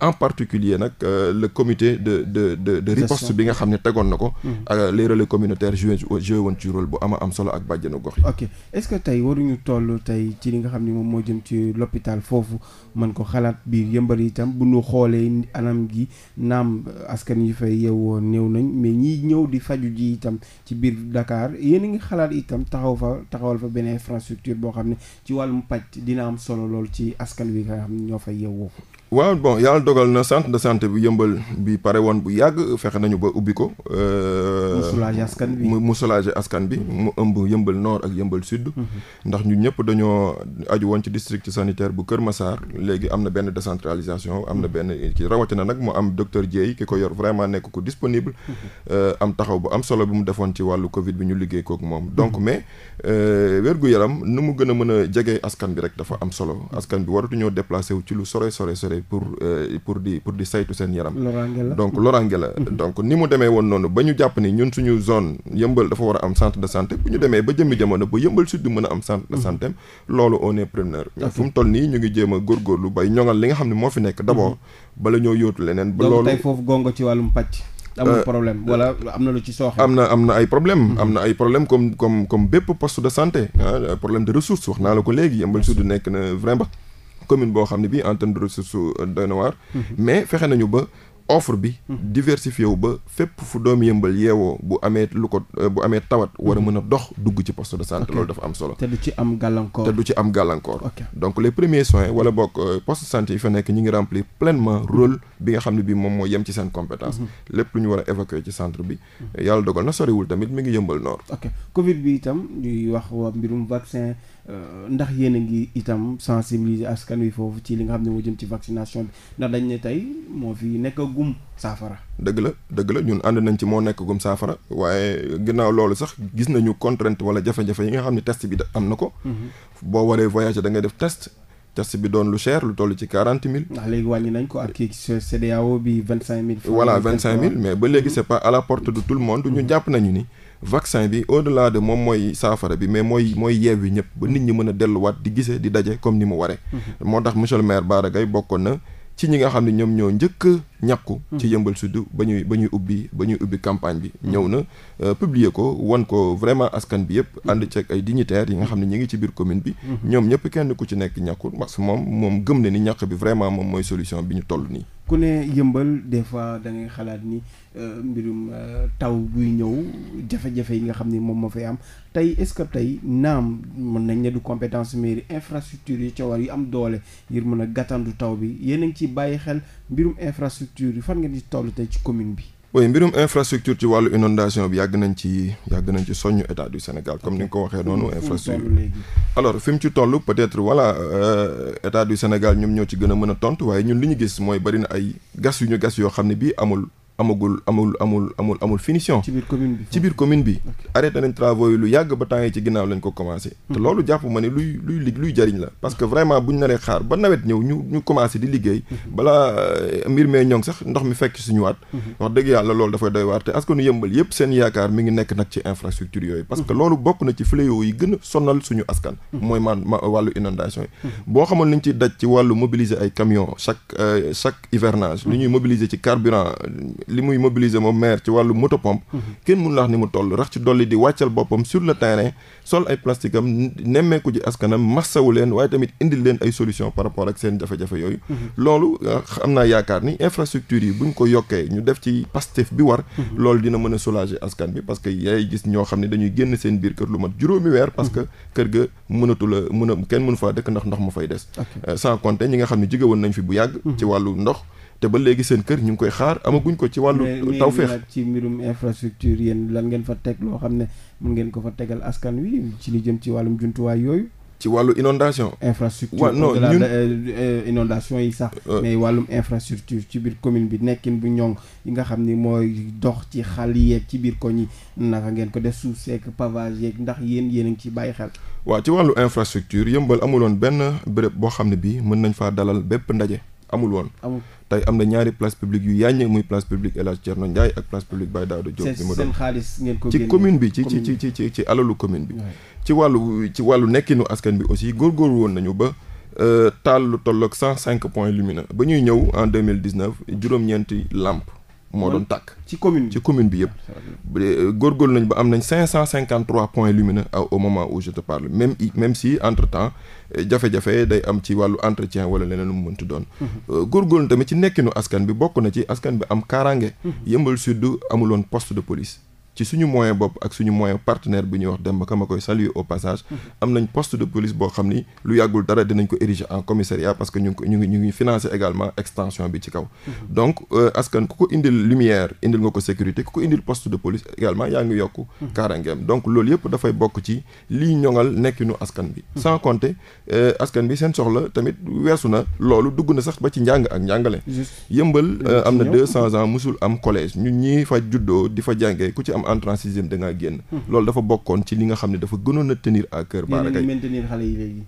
en particulier nag euh, le comité de de de de riposte bi nga xam ne tegoon na ko. le relais communautaires joué joué woon ci bu ama am solo ak bàjjenu gox yi. ok tey ci li nga xam ni moom moo jëm ci l'hôpital foofu man ko xalaat biir yëmbal itam bu ñu xoolee anam gi naam askan yi fay yeewoo néew nañ mais ñiy ñëw di faju ji itam ci biir Dakar yéen a ngi xalaat itam taxaw fa taxawal fa beneen benn infrastructure boo xam ne ci wàllum paj dina am solo lool ci askan wi nga xam ne ñoo fay yeewoo waaw bon yàlla dogal na centre de santé bi yëmbal bi pare woon bu yàgg fexe nañu ba ubbi ko. Euh, mu soulager askan bi mu soulager askan bi mu ëmb yëmbal noor ak yëmbal sud. Mhm. ndax ñu ñëpp dañoo aju woon ci district sanitaire bu Kër Massar. léegi am na benn décentralisation am na mhm. benn ci rawatina nag mu am docteur Dieye ki ko yor vraiment nekk ko disponible. Mhm. Euh, am taxaw bu am solo bi mu defoon ci wàllu Covid bi ñu liggéey kook moom. donc mais euh, wér-gu-yaram nu mu gën a mën a jege askan bi rek dafa am solo. askan bi waratuñoo déplacé wu ci lu sore sore pour euh, pour di pour di saytu seen yaram. donc loraange la. [laughs] donc ni mu demee woon noonu ba ñu jàpp ni ñun suñu zone yëmbal dafa war a am centre de santé bu ñu demee ba jëmmi jamono ba yëmbal sud mën a am centre de mhm. santé mu toll nii ñu ngi jéem a góorgóorlu bay ñoŋal li nga xam ne moo fi nekk d'abord mhm. bala ñoo yóotu leneen. ba loolu tey foofu euh, na lu ci sooxe. am na am na ay problème mhm. am na ay problème comme comme comme bépp poste de santé. problème de ressource wax naa la ko léegi yëmbal sud nekk na vraiment. commune boo xam ne bii en terme de ressource euh, doy na waar mhm. mais fexe nañu ba offre bi mhm. diversifié wu ba fépp fu doom yëmbal yeewoo bu amee lu ko euh, bu amee tawat war a mhm. mën a dox dugg ci post de santé loolu dafa am solo te du ci am gàllankoor te du ci am gàllankoor donc les premiers soins wala bokk euh, poste de santé yi fa nekk ñu ngi remplir pleinement rôle bi nga xam ne bi moom moo yem ci seen compétence lépp lu ñu war a évacuer ci centre bi yàlla dogal na soriwul tamit mi ngi yëmbal noor ok covid bi itam ñuy wax mbirum vaccin Euh, ndax yéen a ngi itam sensibiliser askan wi foofu ci li nga xam ne moo jëm ci vaccination bi ndax dañ ne tey moo fi nekk gum saafara. dëgg la dëgg la ñun ànd nañ ci moo nekk gum saafara waaye ginnaaw loolu sax gis nañu contrainte wala jafe-jafe yi nga xam ne test bi am na ko. Mhm. boo waree voyager da ngay def test. test bi doon lu cher lu toll ci quarante mille. ndax léegi wàññi nañ ko ak kii CEDEAO bi vingt cinq mille. voilà vingt cinq mille mais ba léegi mhm. jàpp nañu ni. vaccin bi au delà de moom mooy saafara bi mais mooy mooy yeew yi ñëpp ba nit ñi mën a delluwaat di gisee di daje comme ni mu waree. Mhm. moo tax monsieur le maire Bara bokkoon na ci ñi nga xam ne ñoom ñoo njëkk ñàkku ci mm-hmm. yëmbal sud ba ñuy ba ñuy ubbi ba ñuy ubbi campagne bi ñëw na mm-hmm. euh, publier ko wan ko vraiment askan bi yëpp ànd ci ay dignitaires yi nga xam ne ñi ngi ci biir commune bi mm-hmm. ñoom ñëpp kenn ku ci nekk ñàkkul parce que moom moom gëm na ni ñàkk bi vraiment moom mooy solution bi ñu toll nii ku ne yëmbal des fois da xalaat ni euh, mbirum euh, taw buy ñëw jafe yi nga xam ni moom moo fay am tey est-ce que tey naam mën nañ ne du compétence mairie infrastructure yi ca war yi am doole ngir mën a gàttandu taw bi yéen a ngi ciy bàyyi xel mbirum infrastructure infrastructure yi fan ngeen toll tey ci commune bi. oui mbirum infrastructure ci wàllu inondation bi yàgg nañ ci yàgg nañ ci soññu état du Sénégal comme ni nga ko waxee noonu. infrastructure alors fi mu ci toll peut-être voilà euh, état du Sénégal ñoom ñoo ci gën a mën a tontu waaye ñun li ñu gis mooy bari na ay gas yu ñu gas yoo xam ne bii amul. amagul amul amul amul amul finition. ci biir commune bi ci biir commune bi. arrêté nañ travaux lu yàgg ba temps yi ci ginnaaw lañ ko commencé. te loolu jàpp ma ne luy luy lig luy jariñ la. parce que vraiment bu ñu naree xaar ba nawet ñëw ñu ñu commencé di liggéey. Mhm. balaa euh, mbir mee ñoŋ sax ndox mi fekk suñu waat. Mhm. wax dëgg yàlla loolu dafay doy waar te askanu yëmbal yëpp seen yaakaar mi ngi nekk nag ci infrastructure yooyu. parce que mhm. loolu bokk na ci fléau yi gën a sonal suñu askan. mooy man wàllu inondation boo xamoon nañ ci daj ci wàllu mobiliser ay camions chaque euh, chaque hivernage. li ñuy mobiliser ci carburant li muy mobiliser moom maire ci wàllu moto pompe mhm. kenn mun la wax ni mu toll rax ci dolli di wàccal boppam sur le terrain sol ay plastique am nemmeeku ji askanam massawu leen waaye tamit indil leen ay solution par rapport ak seen jafe yooyu mhm. loolu euh, am naa yaakaar ni infrastructure yi buñ ko yokkee ñu def ci pastef bi war mhm. loolu dina mën a soulager askan bi parce que yaay gis ñoo xam ne dañuy génn seen biir kër lu mat juróomi weer parce que kër ga mënatu la a kenn mënu faa dëkk ndax ndox mu fay des euh, sans compter ñi nga xam ne jóge woon nañ fi bu yàgg ci wàllu ndox te ba léegi seen kër ñu ngi koy xaar amaguñ ko ci wàllu tawféex ci mbirum infrastructure yéen lan ngeen fa teg loo xam ne mun ngeen ko fa tegal askan wi ci li ci wàllum jumtuwaay yooyu ci wàllu inondation infrastructure waaw non ñun euh, euh, inondation yi sax euh. wàllum infrastructure ci biir commune bi nekkin bu ñoŋ yi nga xam ni mooy dox ci xal yeeg ci biir koñ yi naka ngeen ko def suuf seeg pavage yeeg ndax yéen yéen a ngi ci bàyyi xel waa ci wàllu infrastructure yëmbal amuloon benn béréb boo xam ne bii mën nañ faa dalal bépp ndaje amul woon tey am na ñaari place publique yu yàññee muy place publique El Hadj Thierno Ndiaye ak place publique Baye Daouda Diop bi ma doon ci commune bi ci ci ci ci ci alalu commune bi ci wàllu ci wàllu nekkinu askan bi aussi góorgóorlu woon nañu ba euh, taal lu tolloog cent cinq points lumineux ba ñuy ñëw en deux mille dix neuf juróom-ñeenti làmp moo doon tàkk ci commune ci commune bi yëpp euh, góorgóorlu nañ ba am nañ cinq cent cinquante trois points lumineux au moment où je te parle même même si entre temps euh, jafe-jafe day am ci wàllu entretien wala leneen lu mu mënti doon mhm. euh, góorgóorlu tamit ci nekkinu askan bi bokk na ci askan bi am kaaraange mhm. yëmbal sud amuloon poste de police ci suñu moyen bopp ak suñu moyen partenaire bu ñuy wax Demba Ka ma koy saluer au passage mm-hmm. am nañ poste de police boo xam ni lu yàggul dara dinañ ko ériger en commissariat parce que ñu ngi ko ñu également extension bi ci kaw mm-hmm. donc euh, askan ku ko indil lumière indil nga ko sécurité ku ko indil poste de police également yaa ngi yokk mm-hmm. kaarangeem donc loolu yëpp dafay bokk ci lii ñoŋal nekkinu askan bi sans compter euh, askan bi seen soxla tamit weesu na loolu dugg sax ba ci njàng ak njàngale yëmbal euh, am na deux di fa entre en génn loolu dafa bokkoon ci li nga xam ne dafa gënoon a tenir à cœur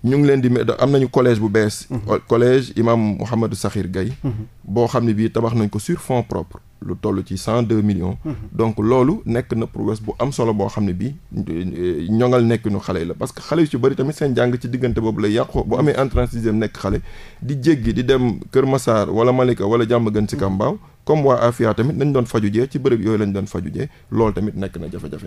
ñu ngi leen di am nañu collège bu bees mhm. collège imam Mouhamadou Sakhir Gaye mhm. boo xam ne bii tabax nañ ko sur fonds lu toll ci cent deux millions. donc loolu nekk na progrès bu am solo boo xam ne bii eh, ñoŋal nekk ñu xale yi la parce que xale yu ci bëri tamit seen jàng ci diggante boobu lay yàqoo bu amee entrée en nekk xale di jéggi di dem Kër Massar wala Malika wala Diamaguène Sicap Mbao comme waa Afia tamit nañ doon faju jee ci bërëb yooyu lañu doon faju jee lool tamit nekk na jafe-jafe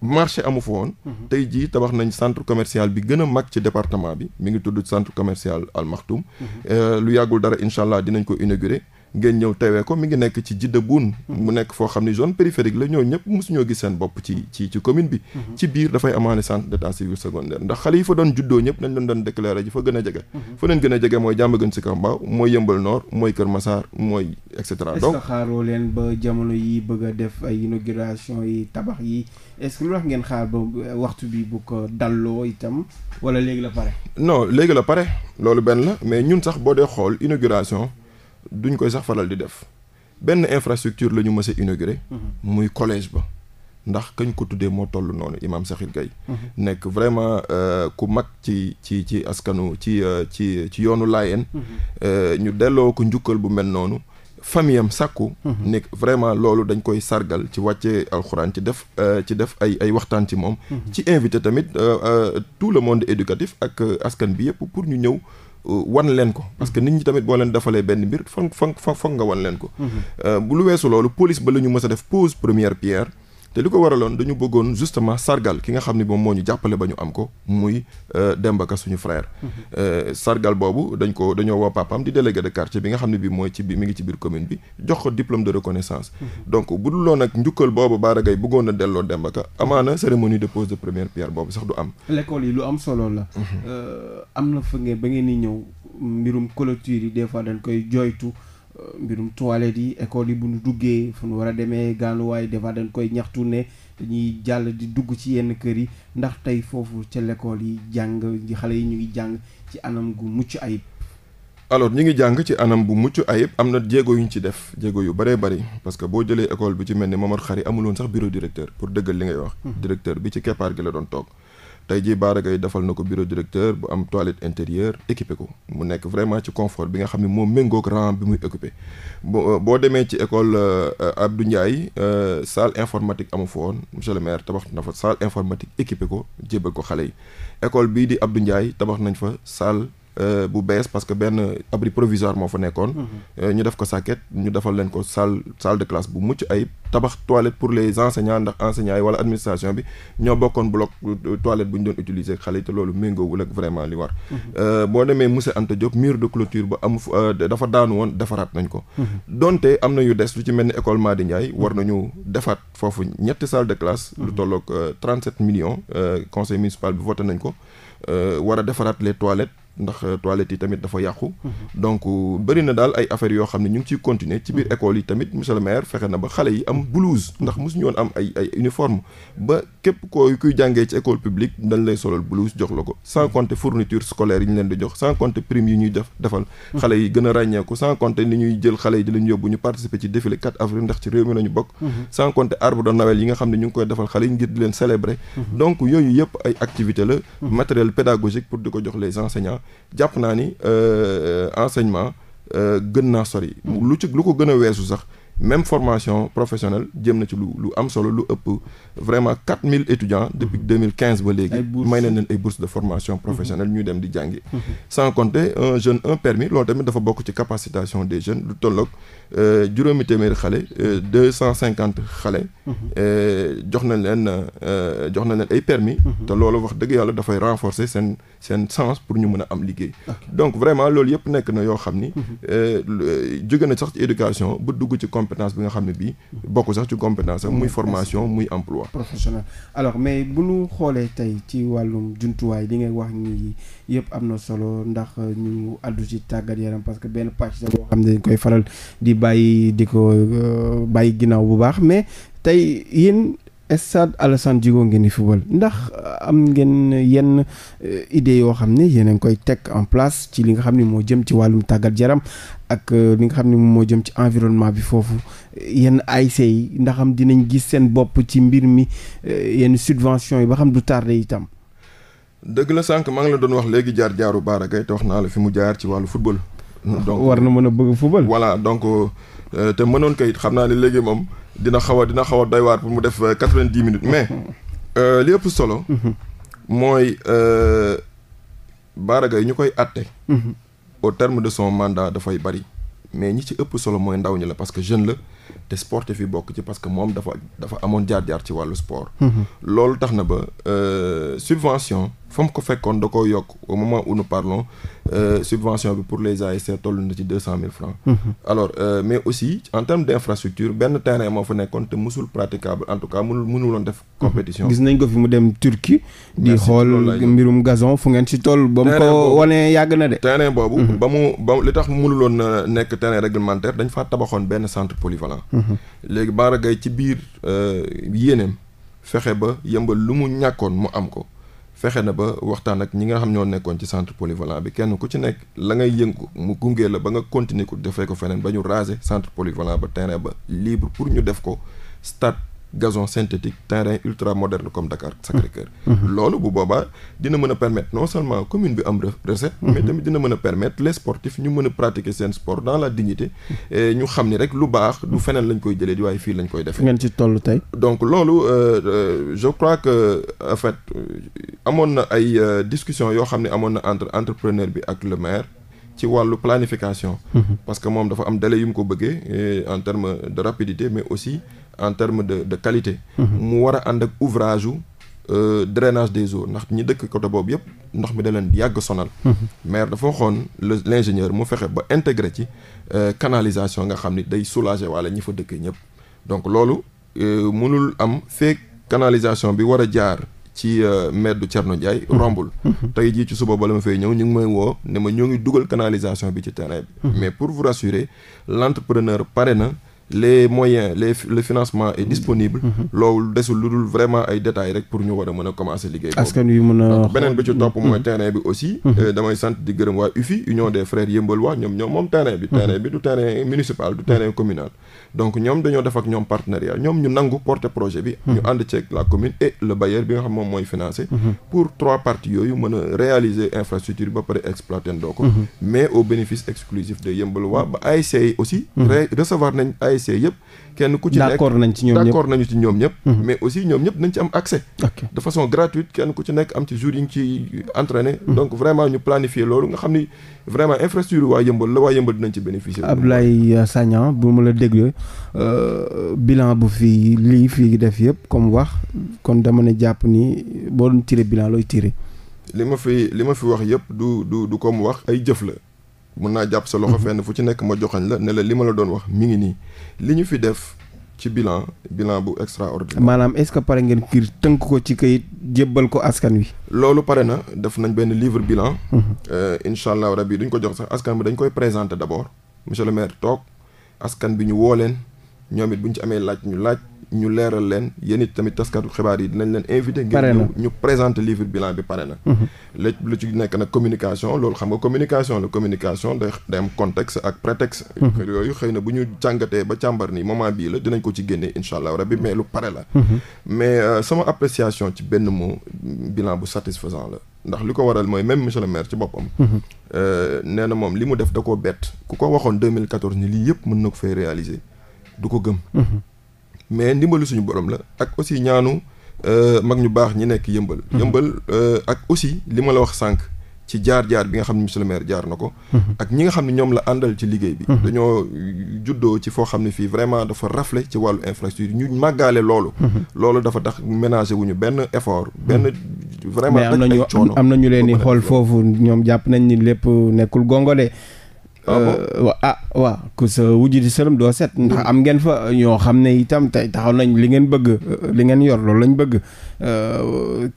marché amu fa woon tey jii tabax nañ centre commercial bi gën a mag ci département bi mi ngi tudd centre commercial Al Maktoum eh, lu yàggul dara incha allah dinañ ko inaugurer ngeen ñëw teewee ko mi ngi nekk ci Jidda Buun mu nekk foo xam ne zone périphérique la ñoo ñëpp mosuñoo gis seen bopp ci ci ci commune bi mhm. ci biir dafay amaane centre d'état civil secondaire ndax xale yi fa doon juddoo ñëpp nañ leen doon déclaré ji fa gën a jege mhm. fa leen gën a jege mooy jàmm gën si kaw mooy yëmbal nord mooy Kër Massar mooy et cetera donc xaaroo leen ba jamono yi bëgg a def ay inauguration yi tabax yi est lu wax ngeen xaar ba waxtu bi bu ko dalloo itam wala léegi la pare no léegi la pare loolu benn la mais ñun sax boo dee xool inauguration duñ koy sax faral di def benn infrastructure la ñu mës a inauguré mhm. muy collège ba ndax kañ ko tuddee moo toll noonu Imam Sakhir Gaye mhm. nekk vraiment euh, ku mag ci ci ci askanu ci euh, ci ci yoonu Laayeen mhm. euh, ñu delloo ko njukkal bu mel noonu famille am sàkku nekk vraiment loolu dañ koy sargal ci wàcce alxuraan ci def ci def ay ay waxtaan ci moom ci invité tamit tout le monde éducatif ak askan bi yëpp pour ñu ñëw Euh, wan leen ko parce que nit ñi tamit boo leen defalee benn mbir fonk fonk fonk nga wan leen ko mhm. euh, lu weesu loolu police ba la ñu mës a def pose première pierre te li ko waraloon dañu bëggoon justement sargal ki nga xam ne moom moo ñu jàppale ba ñu am ko muy euh, Demba Ka suñu frère. Mm-hmm. Euh, sargal boobu dañ ko dañoo woo papaam di délégué de quartier bi nga xam ne bii mooy ci bi mi ngi ci biir commune bi jox ko diplôme de reconnaissance. Mm-hmm. donc bu dul loon ak njukkal boobu Bara Gaye bëggoon na delloo Demba Ka amaana cérémonie de pose de première pierre boobu sax du am. l'école yi lu am solo la. Mm-hmm. Euh, am na fa ngeen ba ngeen di ñëw mbirum clôture yi des fois dañ koy joytu. mbirum toilette yi école yi bu ñu duggee fu nu war a demee gaanuwaay des fois koy ñaxtu ne dañuy jàll di dugg ci yenn kër yi ndax tey foofu ca lekkool yi jàng xale yi ñu ngi jàng ci anam gu mucc ayib. alors ñu ngi jàng ci anam bu mucc ayib am na jéego yu ñu ci def jéego yu bëree bëri parce que boo jëlee école bi ci mel ni Momar Khary amuloon sax bureau directeur pour dëggal li ngay wax. Mm-hmm. directeur bi ci keppaar gi la doon toog. tey jii Bara Gaye defal na ko bureau directeur bu am toilette intérieur équipé ko mu nekk vraiment ci confort bi nga xam ne moo méngoog rang bi muy occupé boo euh, boo demee ci école euh, Abdou Ndiaye euh, salle informatique amu fa woon monsieur le maire tabax na fa salle informatique équipé ko jébbal ko xale yi école bii di Abdou Ndiaye tabax nañ fa salle Euh, bu bees parce que benn abri provisoire moo fa nekkoon. Mhm. Euh, ñu def ko sàkket ñu defal leen ko salle salle de classe bu mucc ayib tabax toilette pour les enseignants ndax enseignants yi wala administration bi ñoo bokkoon bloc euh, toilette bu ñu doon utiliser xale yi te loolu méngoowul ak vraiment li war. Mhm. boo demee musée Anta Diop mur de clôture ba am dafa daanu woon defaraat nañ ko. Mhm. donte am na yu des lu ci mel ni école Madi Ndiaye war nañu defaat foofu ñetti salle de classe. lu tolloog 37 millions conseil municipal bi voté nañ ko war a defaraat les toilettes. ndax euh, toilettes yi tamit dafa yàqu mhm. donc euh, bëri na daal ay affaires yoo xam ne ñu ngi ciy continuer ci biir mhm. école yi tamit monsieur le maire jàngee ci école publique dañ lay solal blouse jox la ko sans mhm. compter fourniture scolaire yi ñu leen di jox sans compter prime yi xale a ràññeeku sans compter ni ñuy de Noël yi nga xam ne ñu ngi koy defal xale yi ngir di leen célébrer donc yooyu yëpp ay activité la matériel pédagogique pour di ko jox les jàpp naa ni euh, enseignement euh, gën naa sori. lu ci lu ko gën a weesu sax même formation professionnelle jëm na ci lu lu am solo lu ëpp vraiment mille étudiants depuis 2015 mhm. ba léegi may nañ leen ay bourses de formation mhm. professionnelle ñuy dem di jàngi mhm. sans compter un jeune un permis loolu tamit dafa bokk ci capacitation de jeunes lu tolloog euh, juróomi téeméeri xale euh, deux cent cinquante xale jox na leen jox nañ euh, ay permis te loolu wax dëgg yàlla dafay renforcer seen seen sens pour ñu mën a am liggéey donc vraiment loolu yëpp nekk na yoo xam ni jóge na sax ci compétence bi nga xam ne bii bokk sax ci compétence am muy formation muy emploi professionnel alors mais bu nu xoolee tey ci wàllum jumtuwaay li ngay wax ni yëpp am na solo ndax ñu addu si tàggat yaram parce que benn pàcc la boo xam ne dañ koy faral di bàyyi di ko euh, bàyyi ginnaaw bu baax mais tey yin stade Alassane Djigo ngeen di football ndax uh, am ngeen yenn uh, idées yoo xam ne yéen a ngi koy teg en place ci li nga xam ne moo jëm ci wàllum tàggat jaram ak uh, li nga xam ne moo jëm ci environnement bi foofu yenn ASC yi ndaxam dinañ gis seen bopp ci mbir mi yenn subvention yi ba xam du tardé itam. dëgg la sànq maa ngi la doon wax léegi jaar jaaru Bara Gaye te wax naa la fi mu jaar ci wàllu football. war na mën a bëgg football. voilà donc te mënoon kayit xam naa ne léegi moom. dina xaw a dina xaw a doy waar pour mu def euh, quatre-vingt-dix minutes mais euh, li ëpp solo mooy euh, Bara Gaye ñu koy atte au terme de son mandat dafay bari mais ñi ci ëpp solo mooy ndaw ñi la parce que jeune la te sportif fi bokk ci parce que moom dafa dafa amoon jaar-jaar ci wàllu sport mhm. loolu tax na ba subvention fa mu ko fekkoon da ko yokk au moment où nous parlons euh, subvention bi pour les ASC toll na ci deux cent mille francs mm-hmm. alors euh, mais aussi en termes d' infrastructure benn terrain moo fa nekkoon te musul praticable en tout cas mënul mënuloon def compétition gis nañ ko fi mu dem Turquie di xool mbirum gazon fu ngeen si toll ba mu ko wanee yàgg na de terrain boobu mm-hmm. ba mu ba li tax mënuloon euh, nekk terrain réglementaire dañ faa tabaxoon benn centre polyvalent mm-hmm. léegi Bara Gaye ci biir yéeneem fexe ba yëmbal lu mu ñàkkoon mu am ko fexe na ba waxtaan ak ñi nga xam ñoo nekkoon ci centre polyvalent bi kenn ku ci nekk la ngay yëngu mu gungee la ba nga continuer ko defee ko feneen ba ñu raser centre polyvalent ba tere ba libre pour ñu def ko stade gazon synthétique terrain ultra moderne comme Dakar Sacré-Cœur mhm. Mhm. loolu bu boobaa dina mën a permettre non seulement commune bi am recette mhm. mais tamit dina mën a permettre les sportifs ñu mën a pratiquer seen sport dans la dignité ñu xam ni rek lu baax du feneen lañ koy jëlee di waaye fii lañ koy defee ngeen ci toll tey donc loolu euh, euh, je crois que en fait amoon na ay euh, discussion yoo xam ne amoon na entre entrepreneur bi ak le maire ci wàllu planification parce que moom dafa am délai yu mu ko bëggee en terme de mais aussi en terme de de qualité. Mhm. mu war a ànd ak ouvrage u euh, drainage des eaux ndax ñi dëkk côté boobu yëpp ndox mi da leen di yàgg sonal. Mhm. maire dafa waxoon le l' ingénieur mu fexe ba intégré ci euh, canalisation nga xam ni day soulager walla ñi fa dëkk ñëpp donc loolu euh, mënul am feek canalisation bi war a jaar. ci meddu Thierno Ndiaye mhm. rombul tey jii ci suba ba la ma fay ñëw ñu ngi may woo ne ma ñoo ngi dugal canalisation bi ci terrain bi mais pour vous rassurer l' entrepreneur pare na les moyens les le financement est mm-hmm. disponible. Mm-hmm. loolu desul lu dul vraiment ay détails rek pour ñu war a mën a commencer liggéey boobu. askan wi mën a beneen bi ci topp mm-hmm. mooy terrain bi aussi. Euh, damay sant di gërëm waa UFI Union des frères Yëmbal waa ñoom ñoom moom terrain bi. du terrain municipal du terrain communal. donc ñoom dañoo def ak ñoom partenariat ñoom ñu nangu porter projet bi. ñu ànd ceeg la commune et le bailleur bi nga xam moom mooy financé. pour trois parties yooyu mën a réaliser ASC yëpp kenn ku ci nekk d'accord nañ ci ñoom ñëpp d'accord nañu ci ñoom ñëpp mhm. mais aussi ñoom ñëpp nañ ci am accès de façon gratuite kenn ku ci nekk am ci jour yi ngi ci entraîné mhm. donc vraiment ñu planifier loolu nga xam ni vraiment infrastructure waa yëmbal la waa yëmbal dinañ ci bénéficier Abdoulaye Sagna bu ma la déglu euh, bilan bu fii lii fii def yëpp comme wax kon dama ne jàpp ni boo doon tiré bilan looy tiré li ma fi li ma fi wax yëpp du du du comme wax ay jëf la mën naa jàpp sa loxo mhm. fenn fu ci nekk ma joxañ la ne la li ma la doon wax mi ngi nii li ñu fi def ci bilan bilan bu extraordinaire. maanaam est-ce que pare ngeen ngir tënk ko ci kayit jébbal ko askan wi. loolu pare na def nañ benn livre bilan. Mhm. Euh, incha allah rabi duñ ko jox sax askan bi dañ koy présenté d'abord monsieur le toog askan bi ñu woo leen ñoom it buñ ci amee laaj ñu laaj. ñu leeral leen yéen it tamit taskatu xibaar yi dinañ leen invité. ngir ñëw ñu présenter livre bilan bi pare na. Mhm. lépp lu ci nekk nag communication loolu xam nga communication la communication day day am contexte ak prétexte. Mhm. yooyu xëy na bu ñu jàngatee ba càmbar ni moment bii la dinañ ko ci génnee incha allah rabbi mais lu pare la. Mhm. mais euh, sama appréciation ci benn mot bilan bu satisfaisant la. ndax li ko waral mooy même monsieur maire ci boppam. Euh, nee na moom li mu def da koo bett ku ko waxoon 2014 ni lii yëpp mën na ko fay du ko gëm. mais ndimbalu suñu borom la ak aussi ñaanu euh, mag ñu baax ñi nekk yëmbal. Mhm. yëmbal euh, ak aussi li ma la wax sànq ci jaar-jaar bi nga xam ne monsieur le jaar na ko. Mhm. ak ñi nga xam ne ñoom la àndal ci liggéey bi. Mhm. dañoo juddoo ci foo xam ne fii vraiment dafa rafle ci wàllu infrastructure ñu màggaale loolu. loolu dafa tax ménager wu ñu benn effort benn. vraiment am na ñu am na ñu leen di xool foofu ñoom jàpp nañ ni lépp nekkul gongole. Ah, euh, ah waaw ku sa wujj di sëlëm doo set ndax hmm. am ngeen fa ñoo xam ne itam tey taxaw nañ li ngeen bëgg euh, euh. li ngeen yor loolu lañ bëgg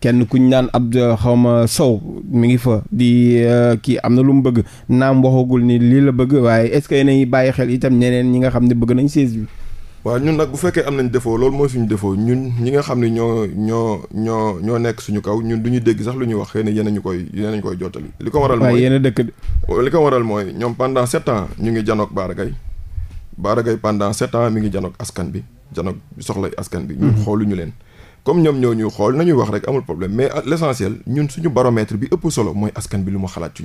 kenn ku ñu naan ab xawma sow mi ngi fa di kii am na lu mu bëgg naam waxagul ni lii la bëgg waaye est-ce que yéen a bàyyi xel itam ñeneen ñi nga xam ne bëgg nañ siis bi waaw ñun nag bu fekkee am nañ defoo loolu mooy suñu defoo ñun ñi nga xam ne ñoo ñoo ñoo ñoo nekk suñu kaw ñun du ñu dégg sax lu ñuy wax xëy na yéen a ñu koy yéen a ñu koy jottali. li ko waral mooy yéen a dëkk li ko waral mooy ñoom pendant sept ans ñu ngi janoog Baara Gaye Baara Gaye pendant sept ans mi ngi janoog askan bi janoog soxla askan bi. ñun mhm. xooluñu leen. comme ñoom ñoo ñuy xool nañuy wax rek amul problème mais l'essentiel ñun suñu baromètre bi ëpp solo mooy askan bi lu mu xalaat ci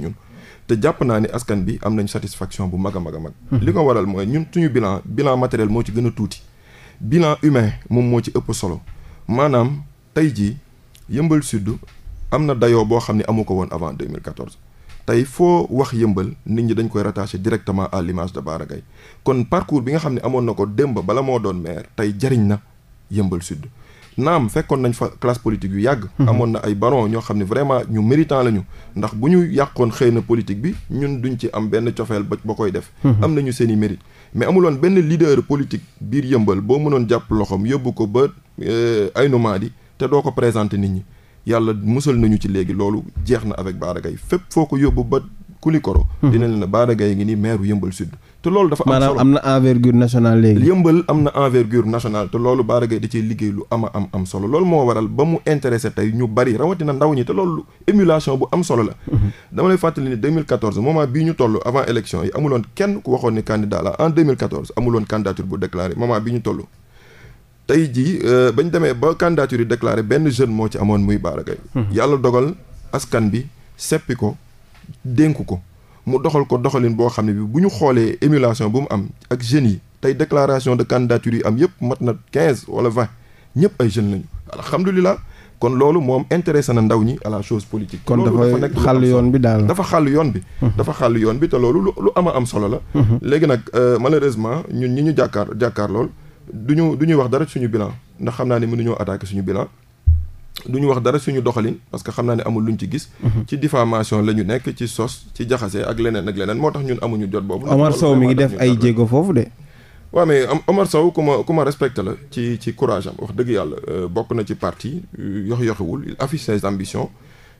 te jàpp naa ni askan bi am nañu satisfaction bu mag a mag a mag. li ko waral mooy ñun suñu bilan bilan matériel moo ci gën a tuuti. bilan humain moom moo ci ëpp solo maanaam tey jii yëmbal sud am na dayoo boo xam ne amu ko woon avant 2014. tey foo wax yëmbal nit ñi dañ koy rattaché directement à l'image de Bara kon parcours bi nga xam ne amoon na ko démb bala moo doon maire tey jariñ na. yëmbal sud naam fekkoon nañ fa classe politique yu yàgg mhm. amoon na ay baron ñoo xam ne vraiment ñu méritant lañu ndax bu ñu yàqoon xëy na politique bi ñun duñ ci am benn cofeel ba ba koy def mhm. am nañu seen i mérit mais amuloon benn leader politique biir yëmbal boo mënoon jàpp loxoom yóbbu ko ba euh, ay nomades yi te doo ko présenter nit ñi yàlla musal nañu ci léegi loolu jeex na avec Bara Gaye fépp foo ko yóbbu ba Kulikoro mhm. dina leen ne Bara Gaye ngi ni maire yëmbal sud te loolu dafa am solo maanaam am na envergure nationale léegi. yëmbal loolu lu ama am am solo moo waral ba mu intéressé tey ñu bari rawatina ndaw ñi te loolu émulation bu am solo la. Mhm. dama lay fàttali ni 2014 moment bii ñu toll avant élection yi amuloon kenn ku waxoon ni candidat la en 2014 amuloon candidature bu déclaré moment bi ñu toll. tey jii euh, bañ demee ba candidature yi déclaré benn jeune moo ci amoon muy Bara Gaye. Mhm. yàlla dogal askan bi seppi ko dénk ko. mu doxal ko doxalin boo xam ne bi bu ñu xoolee émulation bu mu am ak jeunes yi tey déclaration de candidature yi am yëpp mat na quinze wala vingt ñëpp ay jeunes lañu alhamdulilah kon loolu moom intéressé na ndaw ñi à la chose politique. kon dafa nekk yoon bi daal dafa xàll yoon bi. Mhm. dafa xàll yoon bi te loolu lu ama am solo la. Mhm. léegi nag euh, malheureusement ñun ñi ñu jàkkaar jàkkaar lool du ñu du ñuy wax dara suñu bilan ndax xam naa ne mënuñoo attaqué suñu bilan. lu ñu wax dara suñu doxalin parce que xam naa ne amul luñ ci gis. Mhm. ci diffamation la ñu nekk ci sos ci jaxase ak leneen ak leneen moo tax ñun amuñu jot boobu. Omar Sow mi ngi def ay jéego foofu de. waaw mais Omar Sow ku ma ku ma respecté la ci ci courage wax dëgg yàlla euh, bokk na ci parti euh, yox yoxiwul il affiche ses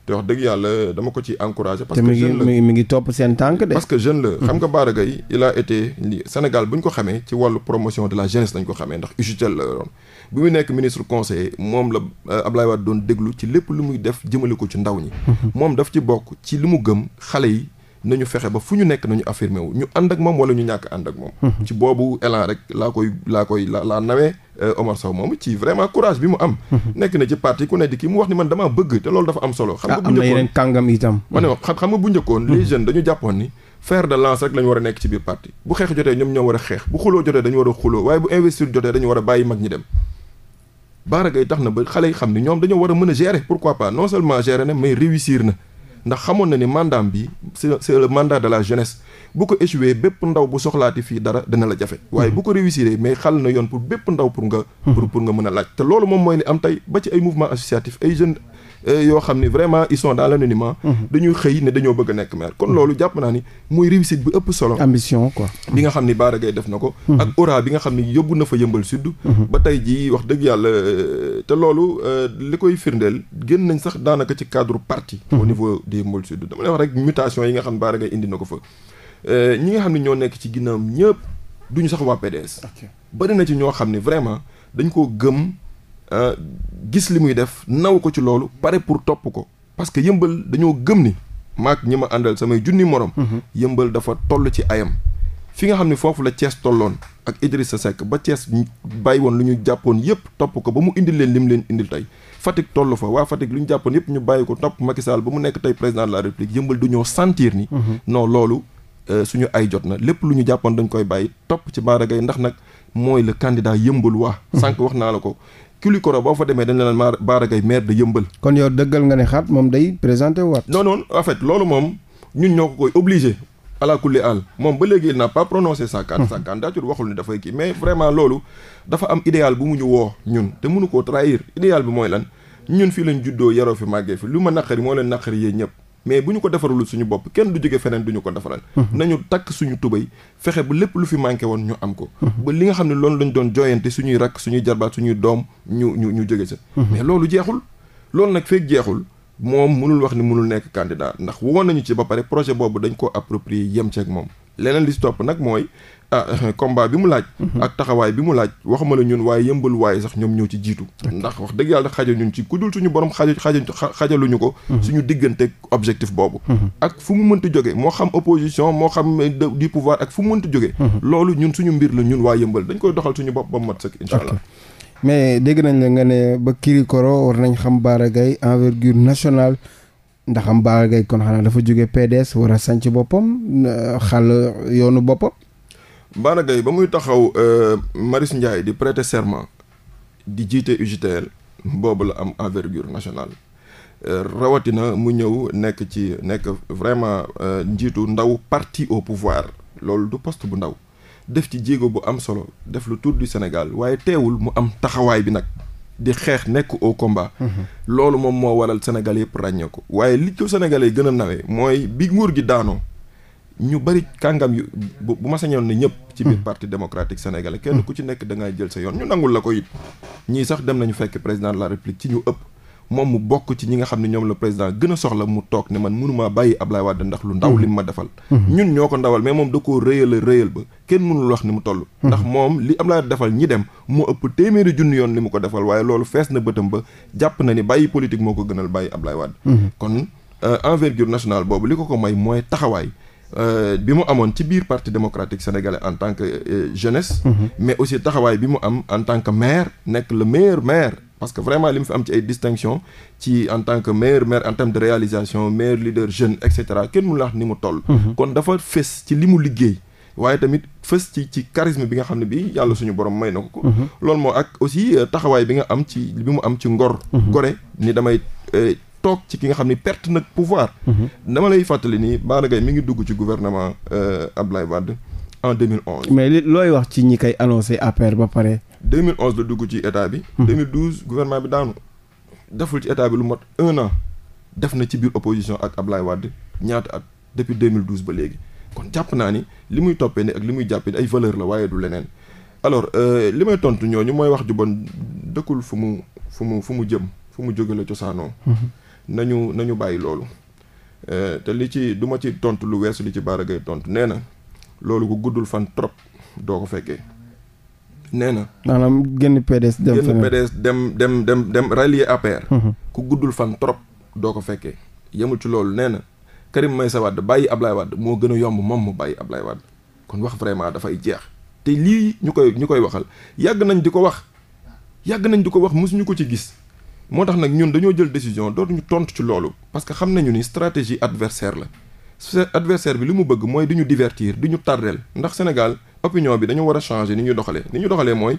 te wax dëgg yàlla dama ko ci encouragé. parce que jeune la mi ngi topp seen tànk de. parce que jeune la xam mm-hmm. nga Bara Gaye il été Sénégal bu ko xamee ci wàllu promotion de la jeunesse lañ ko xamee ndax UGTEL la yoroon bi mu nekk ministre conseiller moom la euh, Ablaye Wade doon déglu ci lépp lu muy def jëmale ko ci ndaw ñi. Mm-hmm. moom daf ci bokk ci li mu gëm xale yi nañu fexe ba fu ñu nekk nañu affirmé wu ñu ànd ak moom wala ñu ñàkk ànd ak moom mhm. ci boobu élan rek laa koy laa koy la laa nawee euh, Omar Sow moom ci vraiment courage bi mu am mhm. nekk na ci parti ku ne di kii mu wax ni man damaa bëgg te loolu dafa am solo xam nga ah, bu njëkkoon am na yeneen kàngam itam ma ne bu njëkkoon mhm. les jeunes dañu jàppoon ni fer de lance rek la war a nekk ci biir parti bu xeex jotee ñoom ñoo war a xeex bu xuloo jotee dañu war a xuloo waaye bu investir jotee dañu war a bàyyi mag ñi dem tax na ba xale yi xam ni ñoom dañoo war a a gérer pourquoi pas non seulement gérer na na ndax xamoon na ni mandat bi c'est le de la jeunesse bu ko échoué bépp ndaw bu soxlaati fii dara dina la jafe waaye bu ko réussir mais xal na yoon pour bépp ndaw pour nga pour pour nga mën a laaj te loolu moom mooy li am tey ba ci ay mouvement associatif ay jeunes Euh, yoo xam ni vraiment ils sont dans l'anonymat mhm. dañuy xëy ne dañoo bëgg a nekk maire kon loolu jàpp naa ni mooy réussite bi ëpp solo ambition quoi bi nga xam ni Bara Gaye def na ko mhm. ak aura bi nga xam ni yóbbu na fa yëmbal sud mhm. ba tey jii wax dëgg yàlla euh, te loolu euh, li koy firndeel génn nañ sax daanaka ci cadre parti au niveau de yëmbal sud dama lay wax rek mutation yi nga xam ne Bara Gaye indi na ko fa ñi nga xam ne ñoo nekk ci ginnaawam ñëpp ñu sax waa PDS bari na ci ñoo xam ne vraiment dañ koo gëm Euh, gis li muy def naw ko ci loolu pare pour topp ko parce que yëmbal dañoo gëm ni maak ñi ma àndal samay junni morom mhm. yëmbal dafa toll ci ayam fi nga xam ni foofu la cees tolloon ak Idrissa Seck ba cees bàyyi woon lu ñu jàppoon yëpp topp ko ba mu indi leen li mu leen indil tey Fatick toll fa waa Fatick lu ñu jàppoon yëpp ñu bàyyi ko topp Macky Sall ba mu nekk tey président de la République yëmbal du ñoo sentir ni mhm. noo loolu euh, suñu ay jot na lépp lu ñu jàppoon dañ koy bàyyi topp ci Bara Gaye ndax nag mooy le candidat yëmbal waa mhm. sànq wax naa la ko Kilikoro boo fa demee dañ la naan Bara Gaye maire Yëmbal. kon yow dëggal nga ne xaat moom day présenté waat. non non en loolu moom ñun ñoo ko koy obligé ala kulli àll moom ba léegi il pas prononcé sa carte sa [laughs] waxul ne dafay kii mais vraiment loolu dafa am idéal bu mu ñu woo ñun te mënu koo trahir idéal bi mooy lan ñun fii lañ juddoo yaroo fi màggee fi lu ma naqari moo leen naqari yéen ñëpp. mais bu ñu ko defaralul suñu bopp kenn du jóge feneen duñu ko defaral mhm. nañu takk suñu tubay fexe ba lépp lu fi manqué woon ñu am ko mhm. ba li nga xam ne loolu lañ doon jooyante suñuy rakk suñuy jarbaat suñuy doom ñu ñu ñu jóge sa mhm. mais loolu jeexul loolu nag feek jeexul moom mënul wax ni mënul nekk candidat ndax woon nañu ci ba pare projet boobu dañ koo approprier yem ceeg moom leneen li si topp nag mooy ah euh, combat bi mu laaj mhm. ak taxawaay bi mu laaj waxuma la ñun waaye yëmbal waaye sax ñoom ñëw ci jiitu ndax wax dëgg yàlla xaja ñun ci ku dul suñu borom xaja xajaluñu ko mhm. suñu diggante objectif boobu mhm. ak fu mu mënti jóge moo xam opposition moo xam du pouvoir ak fu mu mënti jóge loolu ñun suñu mbir la ñun waa yëmbal dañ koy doxal suñu bopp ba mat sëkk incha allah mais dégg nañ la nga ne ba Kirikoro war nañ xam Bara Gaye envergure nationale ndax am Bara Gaye kon xanaa dafa jóge PDS war a sanc boppam euh, xàll yoonu boppam Balla Gaye ba muy taxaw euh, Maris Ndiaye di prêter serment di jiite UJTL boobu la am envergure nationale euh, rawatina mu ñëw nekk ci nekk vraiment euh, njiitu ndaw parti au pouvoir loolu du poste bu ndaw def ci jéego bu am solo def lu tour du Sénégal waaye teewul mu am taxawaay bi nag di xeex nekk au combat. Mhm. loolu moom moo waral Sénégal yëpp ràññee ko. waaye li ko Sénégalais yi gën a nawee mooy bi nguur gi daanoo. ñu bëri kàngam yu bu ma sañoon ne ñëpp. ci biir hmm. parti démocratique sénégalais. kenn ku ci nekk da ngay jël sa yoon ñu nangul la ko it. ñii sax dem nañu fekk président la république ci ñu ëpp moom mu bokk ci ñi nga xam ne ñoom la président gën a soxla mu toog ne man mënumaa bàyyi Ablaye Wade ndax lu ndaw hmm. li mu ma defal. Hmm. ñun ñoo ko ndawal mais moom da koo rëyal rëyal ba kenn mënul wax ni mu toll. ndax moom li am Wade defal ñi dem mu ëpp téeméeri junni yoon li mu ko defal waaye loolu fees na bëtam ba jàpp na ni bàyyi politique moo ko gënal bàyyi Ablaye Wade kon euh, envergure nationale boobu li ko ko may mooy taxawaay Euh, bi mu amoon ci biir parti démocratique sénégalais en tant que euh, jeunesse. Mhm. mais aussi taxawaay bi mu am en tant que maire nekk le maire maire. parce que vraiment li mu fi am ci ay distinction ci en tant que meilleur maire en termes de réalisation meilleur leader jeune et cetera kenn mu laax ni mu toll. Mhm. kon dafa fës ci li mu liggéey. waaye tamit fës ci ci charisme bi nga xam ne bi yàlla suñu borom may na ko. Mhm. loolu moo ak aussi euh, taxawaay bi nga am ci bi mu am ci ngor. gore ni damay toog ci ki nga xam ni perte nag pouvoir. Mhm. dama lay fàttali nii Bara Gaye mi ngi dugg ci euh, ab lay Wade en 2011. mais looy wax ci ñi koy annoncé APR ba pare. 2011 la dugg ci état bi. 2012 mhm. gouvernement bi daanu. deful ci état bi lu mot un an def na ci biir opposition ak Abdoulaye wadd ñaata at depuis 2012 ba léegi kon jàpp naa ni li muy toppee ni ak li muy jàppee ni ay valeur la waaye du leneen alors euh, li may tontu ñooñu mooy wax ju bon dëkkul fu mu fu mu fu mu jëm fu mu jóge la cosaanoo mhm. nañu nañu bàyyi loolu euh, te li ci du ma ci tontu lu weesu li ci Bara Gaye tontu nee na loolu ku guddul fan trop doo ko fekkee nee na. maanaam génn PDS dem dem dem dem dem rallier APR. Mhm. ku guddul fan trop doo ko fekkee yemul ci loolu nee na Karim Meïssa Wade bàyyi Ablaye Wade moo gën a yomb moom mu bàyyi ablaay Wade kon wax vraiment dafay jeex te lii ñu koy ñu koy waxal yàgg nañ di ko wax yàgg nañ di ko wax mosuñu ko ci gis. moo tax nag ñun dañoo jël décision dootuñu tontu ci loolu parce que xam nañu ni stratégie adversaire la adversaire bi li mu bëgg mooy di ñu divertir di ñu tardeel ndax Sénégal opinion bi dañu war a changer ni ñuy doxalee ni ñu doxalee mooy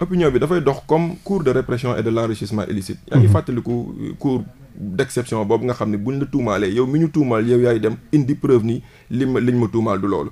opinion bi dafay dox comme cours de répression et de l'enrichissement illicite yaa ngi mhm. fàttaliku euh, cours d'exception boobu nga xam ne ñu la tuumaalee yow mi ñu tuumaal yow yaay dem indi preuve nii li ma liñ ma tuumaal du loolu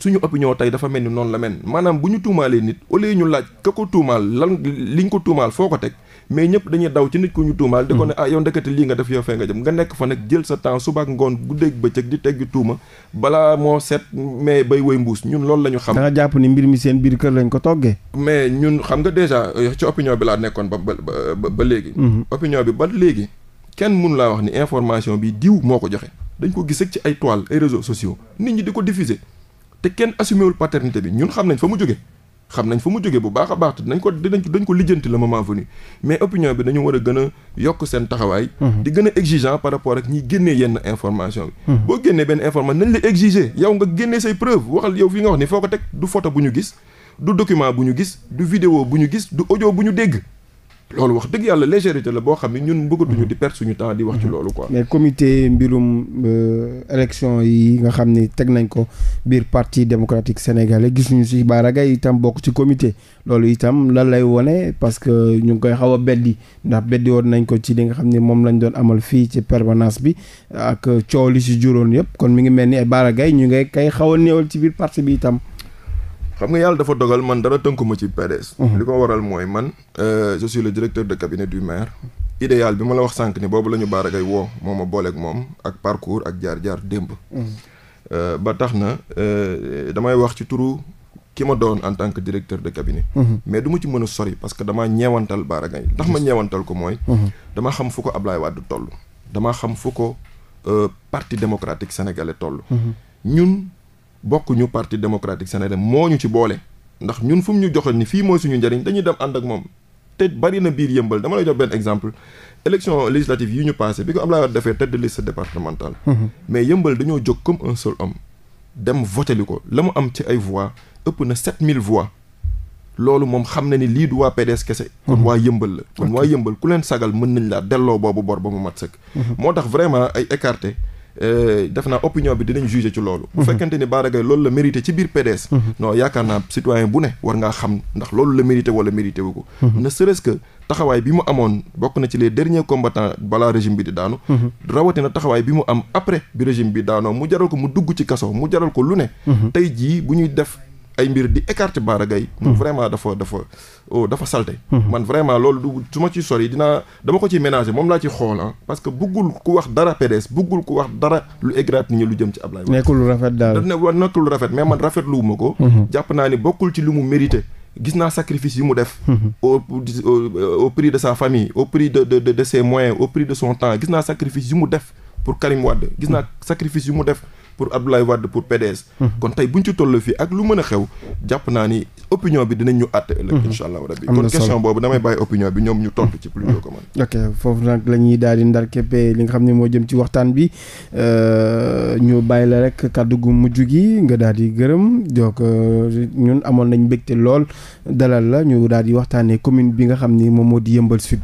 suñu opinion tey dafa mel ni noonu la mel maanaam bu ñu tuumaalee nit au lieu ñu laaj ka ko tuumaal lan liñ ko tuumaal foo ko teg mais ñëpp dañuy daw ci nit ku ñu tuumaal di ko ne mm. ah yow ndekete lii nga def yow fee nga dem nga nekk fa nag jël sa temps suba ak ngoon guddeeg bëccëg di teg tuuma balaa moo set mais bay woy mbuus ñun loolu la ñu xam da jàpp ni mbir mi seen biir kër lañ ko toggee mais ñun xam nga déjà euh, ci opinion bi laa nekkoon ba ba ba léegi mm-hmm. opinion bi ba léegi kenn mënu laa wax ni information bi diw moo ko joxe dañ ko gis ci ay toile ay réseaux sociaux nit ñi di ko diffuser te kenn assumé wul paternité bi ñun xam nañ fa mu jóge xam nañ fa mu jóge bu baax a baax te dañ ko dinañ dañ ko lijjanti le moment venu mais opinion bi dañu war a gën a yokk seen taxawaay. Mhm. di gën a exigeant par rapport ak ñi génnee yenn information bi. Mhm. boo génnee benn information nañ la exiger yow nga génnee say preuve waxal yow fi nga wax ni foo ko teg du photo bu ñu gis du document bu ñu gis du vidéo bu ñu gis du audio bu ñu dégg. loolu wax dëgg yàlla légèreté la boo xam ne ñun bëggatuñu mhm. di perdre suñu temps di wax ci mhm. loolu quoi. mais comité mbirum euh, élection yi nga xam ni teg nañ ko biir partie démocratique sénégalais gis ñu si Bara Gaye itam bokk ci comité loolu itam lan lay wone parce que ñu ngi koy xaw a beddi ndax beddi woon nañ ko ci li nga xam ni moom lañ doon amal fii ci permanence bi ak coow li si juróon yëpp kon mu ngi mel ni Bara Gaye ñu ngay kay xaw a néewal ci biir parti bi itam. xam nga yàlla dafa dogal man dara tënkuma ci PDS. Mhm. li ko waral mooy man euh, je le directeur de cabinet du maire. idéal bi ma la wax sànq ni boobu la ñu baaragay woo moo ma booleeg moom ak parcours ak jaar-jaar démb. Mhm. Euh, ba tax na euh, damay wax ci turu ki ma doon en tant que directeur de cabinet. Mhm. mais du ci mën a sori parce que damaa ñeewantal baaragay ndax ma ñeewantal ko mooy. dama xam fu ko ab Ablaye Wade toll. dama xam fu ko parti démocratique sénégalais toll. bokk ñu parti démocratique sénégalais moo ñu ci boole ndax ñun fu mu ñu joxoon ni fii mooy suñu njëriñ dañuy dem ànd ak moom te bari na biir yëmbal dama lay jox benn exemple élection législative yi ñu passé bi ko Abdoulaye Wade defee tête de liste départementale mhm. mais yëmbal dañoo jóg comme un seul homme dem voté li ko la mu am ci ay voix ëpp na mille voix loolu moom xam na ni lii du waa PDS kese kon mhm. waa yëmbal la kon waa yëmbal ku leen sagal mën nañ laa delloo boobu bor ba mu mat sëkk mhm. moo tax vraiment ay Euh, def naa opinion bi dinañ juger ci loolu. bu mhm. fekkente ni Bara loolu la mérité ci biir PDS. Mhm. non yaakaar naa citoyen bu ne war ngaa xam ndax loolu la mérité wala mérité wu ko. Mhm. ne serait-ce que taxawaay bi mu amoon bokk na ci les derniers combattants balaa régime bi di daanu. rawatina taxawaay bi mu am après bi régime bi daanoo mu jaral ko mu dugg ci kaso mu jaral ko lu ne. tey jii bu ñuy def. ay mbir di écarter Bara Gaye hmm. moom vraiment dafa dafa oh dafa salte hmm. man vraiment loolu su ma ci sori dinaa dama ko ci ménager moom laa ci xool ah parce que buggul ku wax dara PDS buggul ku wax dara lu égrate nit ñi lu jëm ci Ablaye nekkul lu rafet daal nekkul lu rafet mais man rafetluwuma ko hmm. jàpp naa ni bokkul ci lu mu mérité gis naa sacrifice yi mu def au au de sa famille au prix de de de au prix de son temps gis naa sacrifice yi mu def pour Karim Wade yi mu def pour Abdoulaye Wade pour PDS. Hmm. kon tey bu ñu ci toll fii ak lu mën a xew jàpp naa ni opinion bi dinañ ñu àtte ëllëg hmm. incha allahu rabbi kon question boobu damay bàyyi opinion bi ñoom ñu tontu ci plutôt que man ok foofu nag la ñuy daal di ndar képpee li nga xam ne moo jëm ci waxtaan bi euh, ñu bàyyi la rek kàddu gu mujj gi nga daal di gërëm donc euh, ñun amoon nañ mbégte lool dalal la ñu daal di waxtaanee commune bi nga xam ni moom moo di yëmbal sud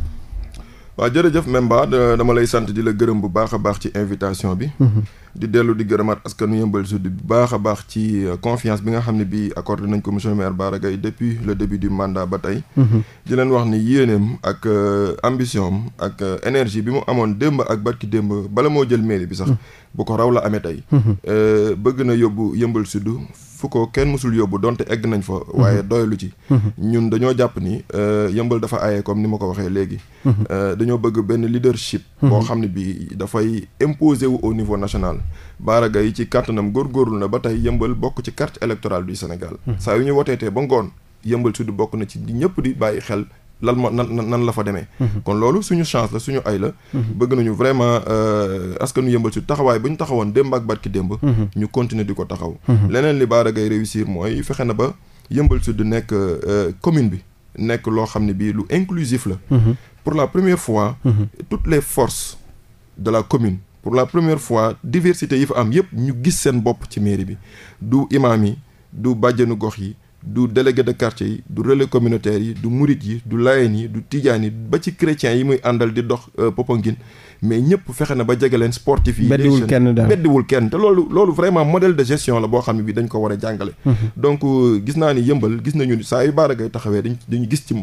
waaw jërëjëf Memba dama lay sant di la gërëm bu baax a baax ci invitation bi. Mhm. di dellu di gërëmaat askanu Yeumbeul Sud bu baax a baax ci euh, confiance bi nga xam ne bii accordé nañ ko monsieur le maire Bara Gaye depuis le début du mandat ba tey. Mhm. di leen wax ni yéeneem ak euh, ambition am ak euh, énergie bi mu amoon démb ak barki démb bala moo jël mairie bi sax. Mhm. bu ko raw la amee tey. Mhm. Euh, bëgg na yóbbu yëmbal sud fu ko kenn mësul yóbbu donte egg nañ fa. waaye mhm. doyalu ci. Mhm. ñun dañoo jàpp ni euh, yëmbal dafa aaye comme ni ma ko waxee léegi. Euh, dañoo bëgg benn leadership. boo xam ne bii dafay imposer wu au niveau national. Bara yi ci kàttanam góorgóorlu na ba tey yëmbal bokk ci carte électorale du Sénégal. saa yu ñu woteetee ba ngoon yëmbal sud bokk na ci ñëpp di bàyyi xel. lan moo nan nan la fa demee mhm. kon loolu suñu chance la suñu ay la mhm. bëgg nañu vraiment askanu euh, yëmbal si taxawaay ba ñu taxawoon démb ak barki démb mhm. ñu continuer di ko taxaw leneen li Bara Gaye réussir mooy fexe na ba yëmbal si du nekk euh, commune bi nekk loo xam ne bii lu inclusif la pour la première fois toutes les forces de la commune pour la première fois diversité yi fa am yëpp ñu gis seen bopp ci mairie bi du imaam yi du bàjjanu gox yi du délégué de quartier yi du relais communautaire yi du murit yi du layen yi du tijaan yi ba ci chrétien yi muy àndal di dox euh, Popenguine mais ñëpp fexe na ba jege leen sportif yi. beddiwul kenn daal beddiwul kenn te loolu loolu vraiment modèle de gestion la boo xam ne dañ ko war a jàngale. Mhm. donc euh, gis naa ni yëmbal gis nañu saa yu baara taxawee dañ gis ci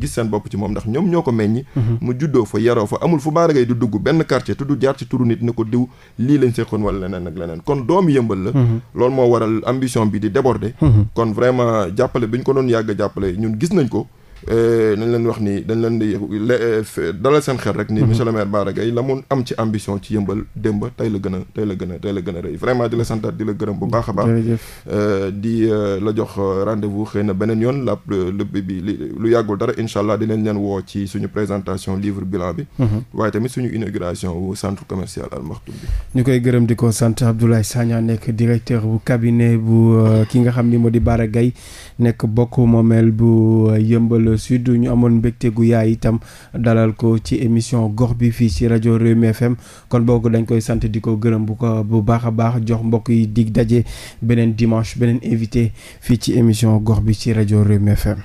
gis seen bopp ci moom ndax ñoom ñoo ko meññi. Mhm. mu juddoo fa yaroo fa amul fu baara gay di dugg benn quartier te du jaar ci turu nit ne ko diw lii lañ seqoon wala leneen ak leneen kon doomu yëmbal la. Mhm. loolu moo waral ambition bi di déborder. kon vraiment jàppale bi ko doon yàgg jàppale ñun gis nañ ko Euh, dañ leen wax ni dañ leen euh, dalal seen xel rek ni mhm. monsieur le maire Bara la mu am ci ambition ci yëmbal démb tey la gën a tey la gën a tey la gën a rëy vraiment di la santaat di la gërëm bu baax a baax euh, di la jox rendez-vous na beneen yoon la bi lu yàggul dara incha allah dinañ leen woo ci suñu présentation livre bilan bi mhm. waaye tamit suñu inauguration wu centre commercial Al Maktoum bi ñu koy gërëm di ko sant Abdoulaye Sagna nekk directeur di Bara Gaye nekk bokk moomeel bu yëmbal le sud ñu amoon mbégte gu yaay itam dalal ko ci émission gox bi fii ci rajo Rewmi FM kon boog dañ koy sant di ko gërëm bu ko bu baax a baax jox mbokk yi dig daje beneen dimanche beneen invité fii ci émission gox bi ci rajo Rewmi FM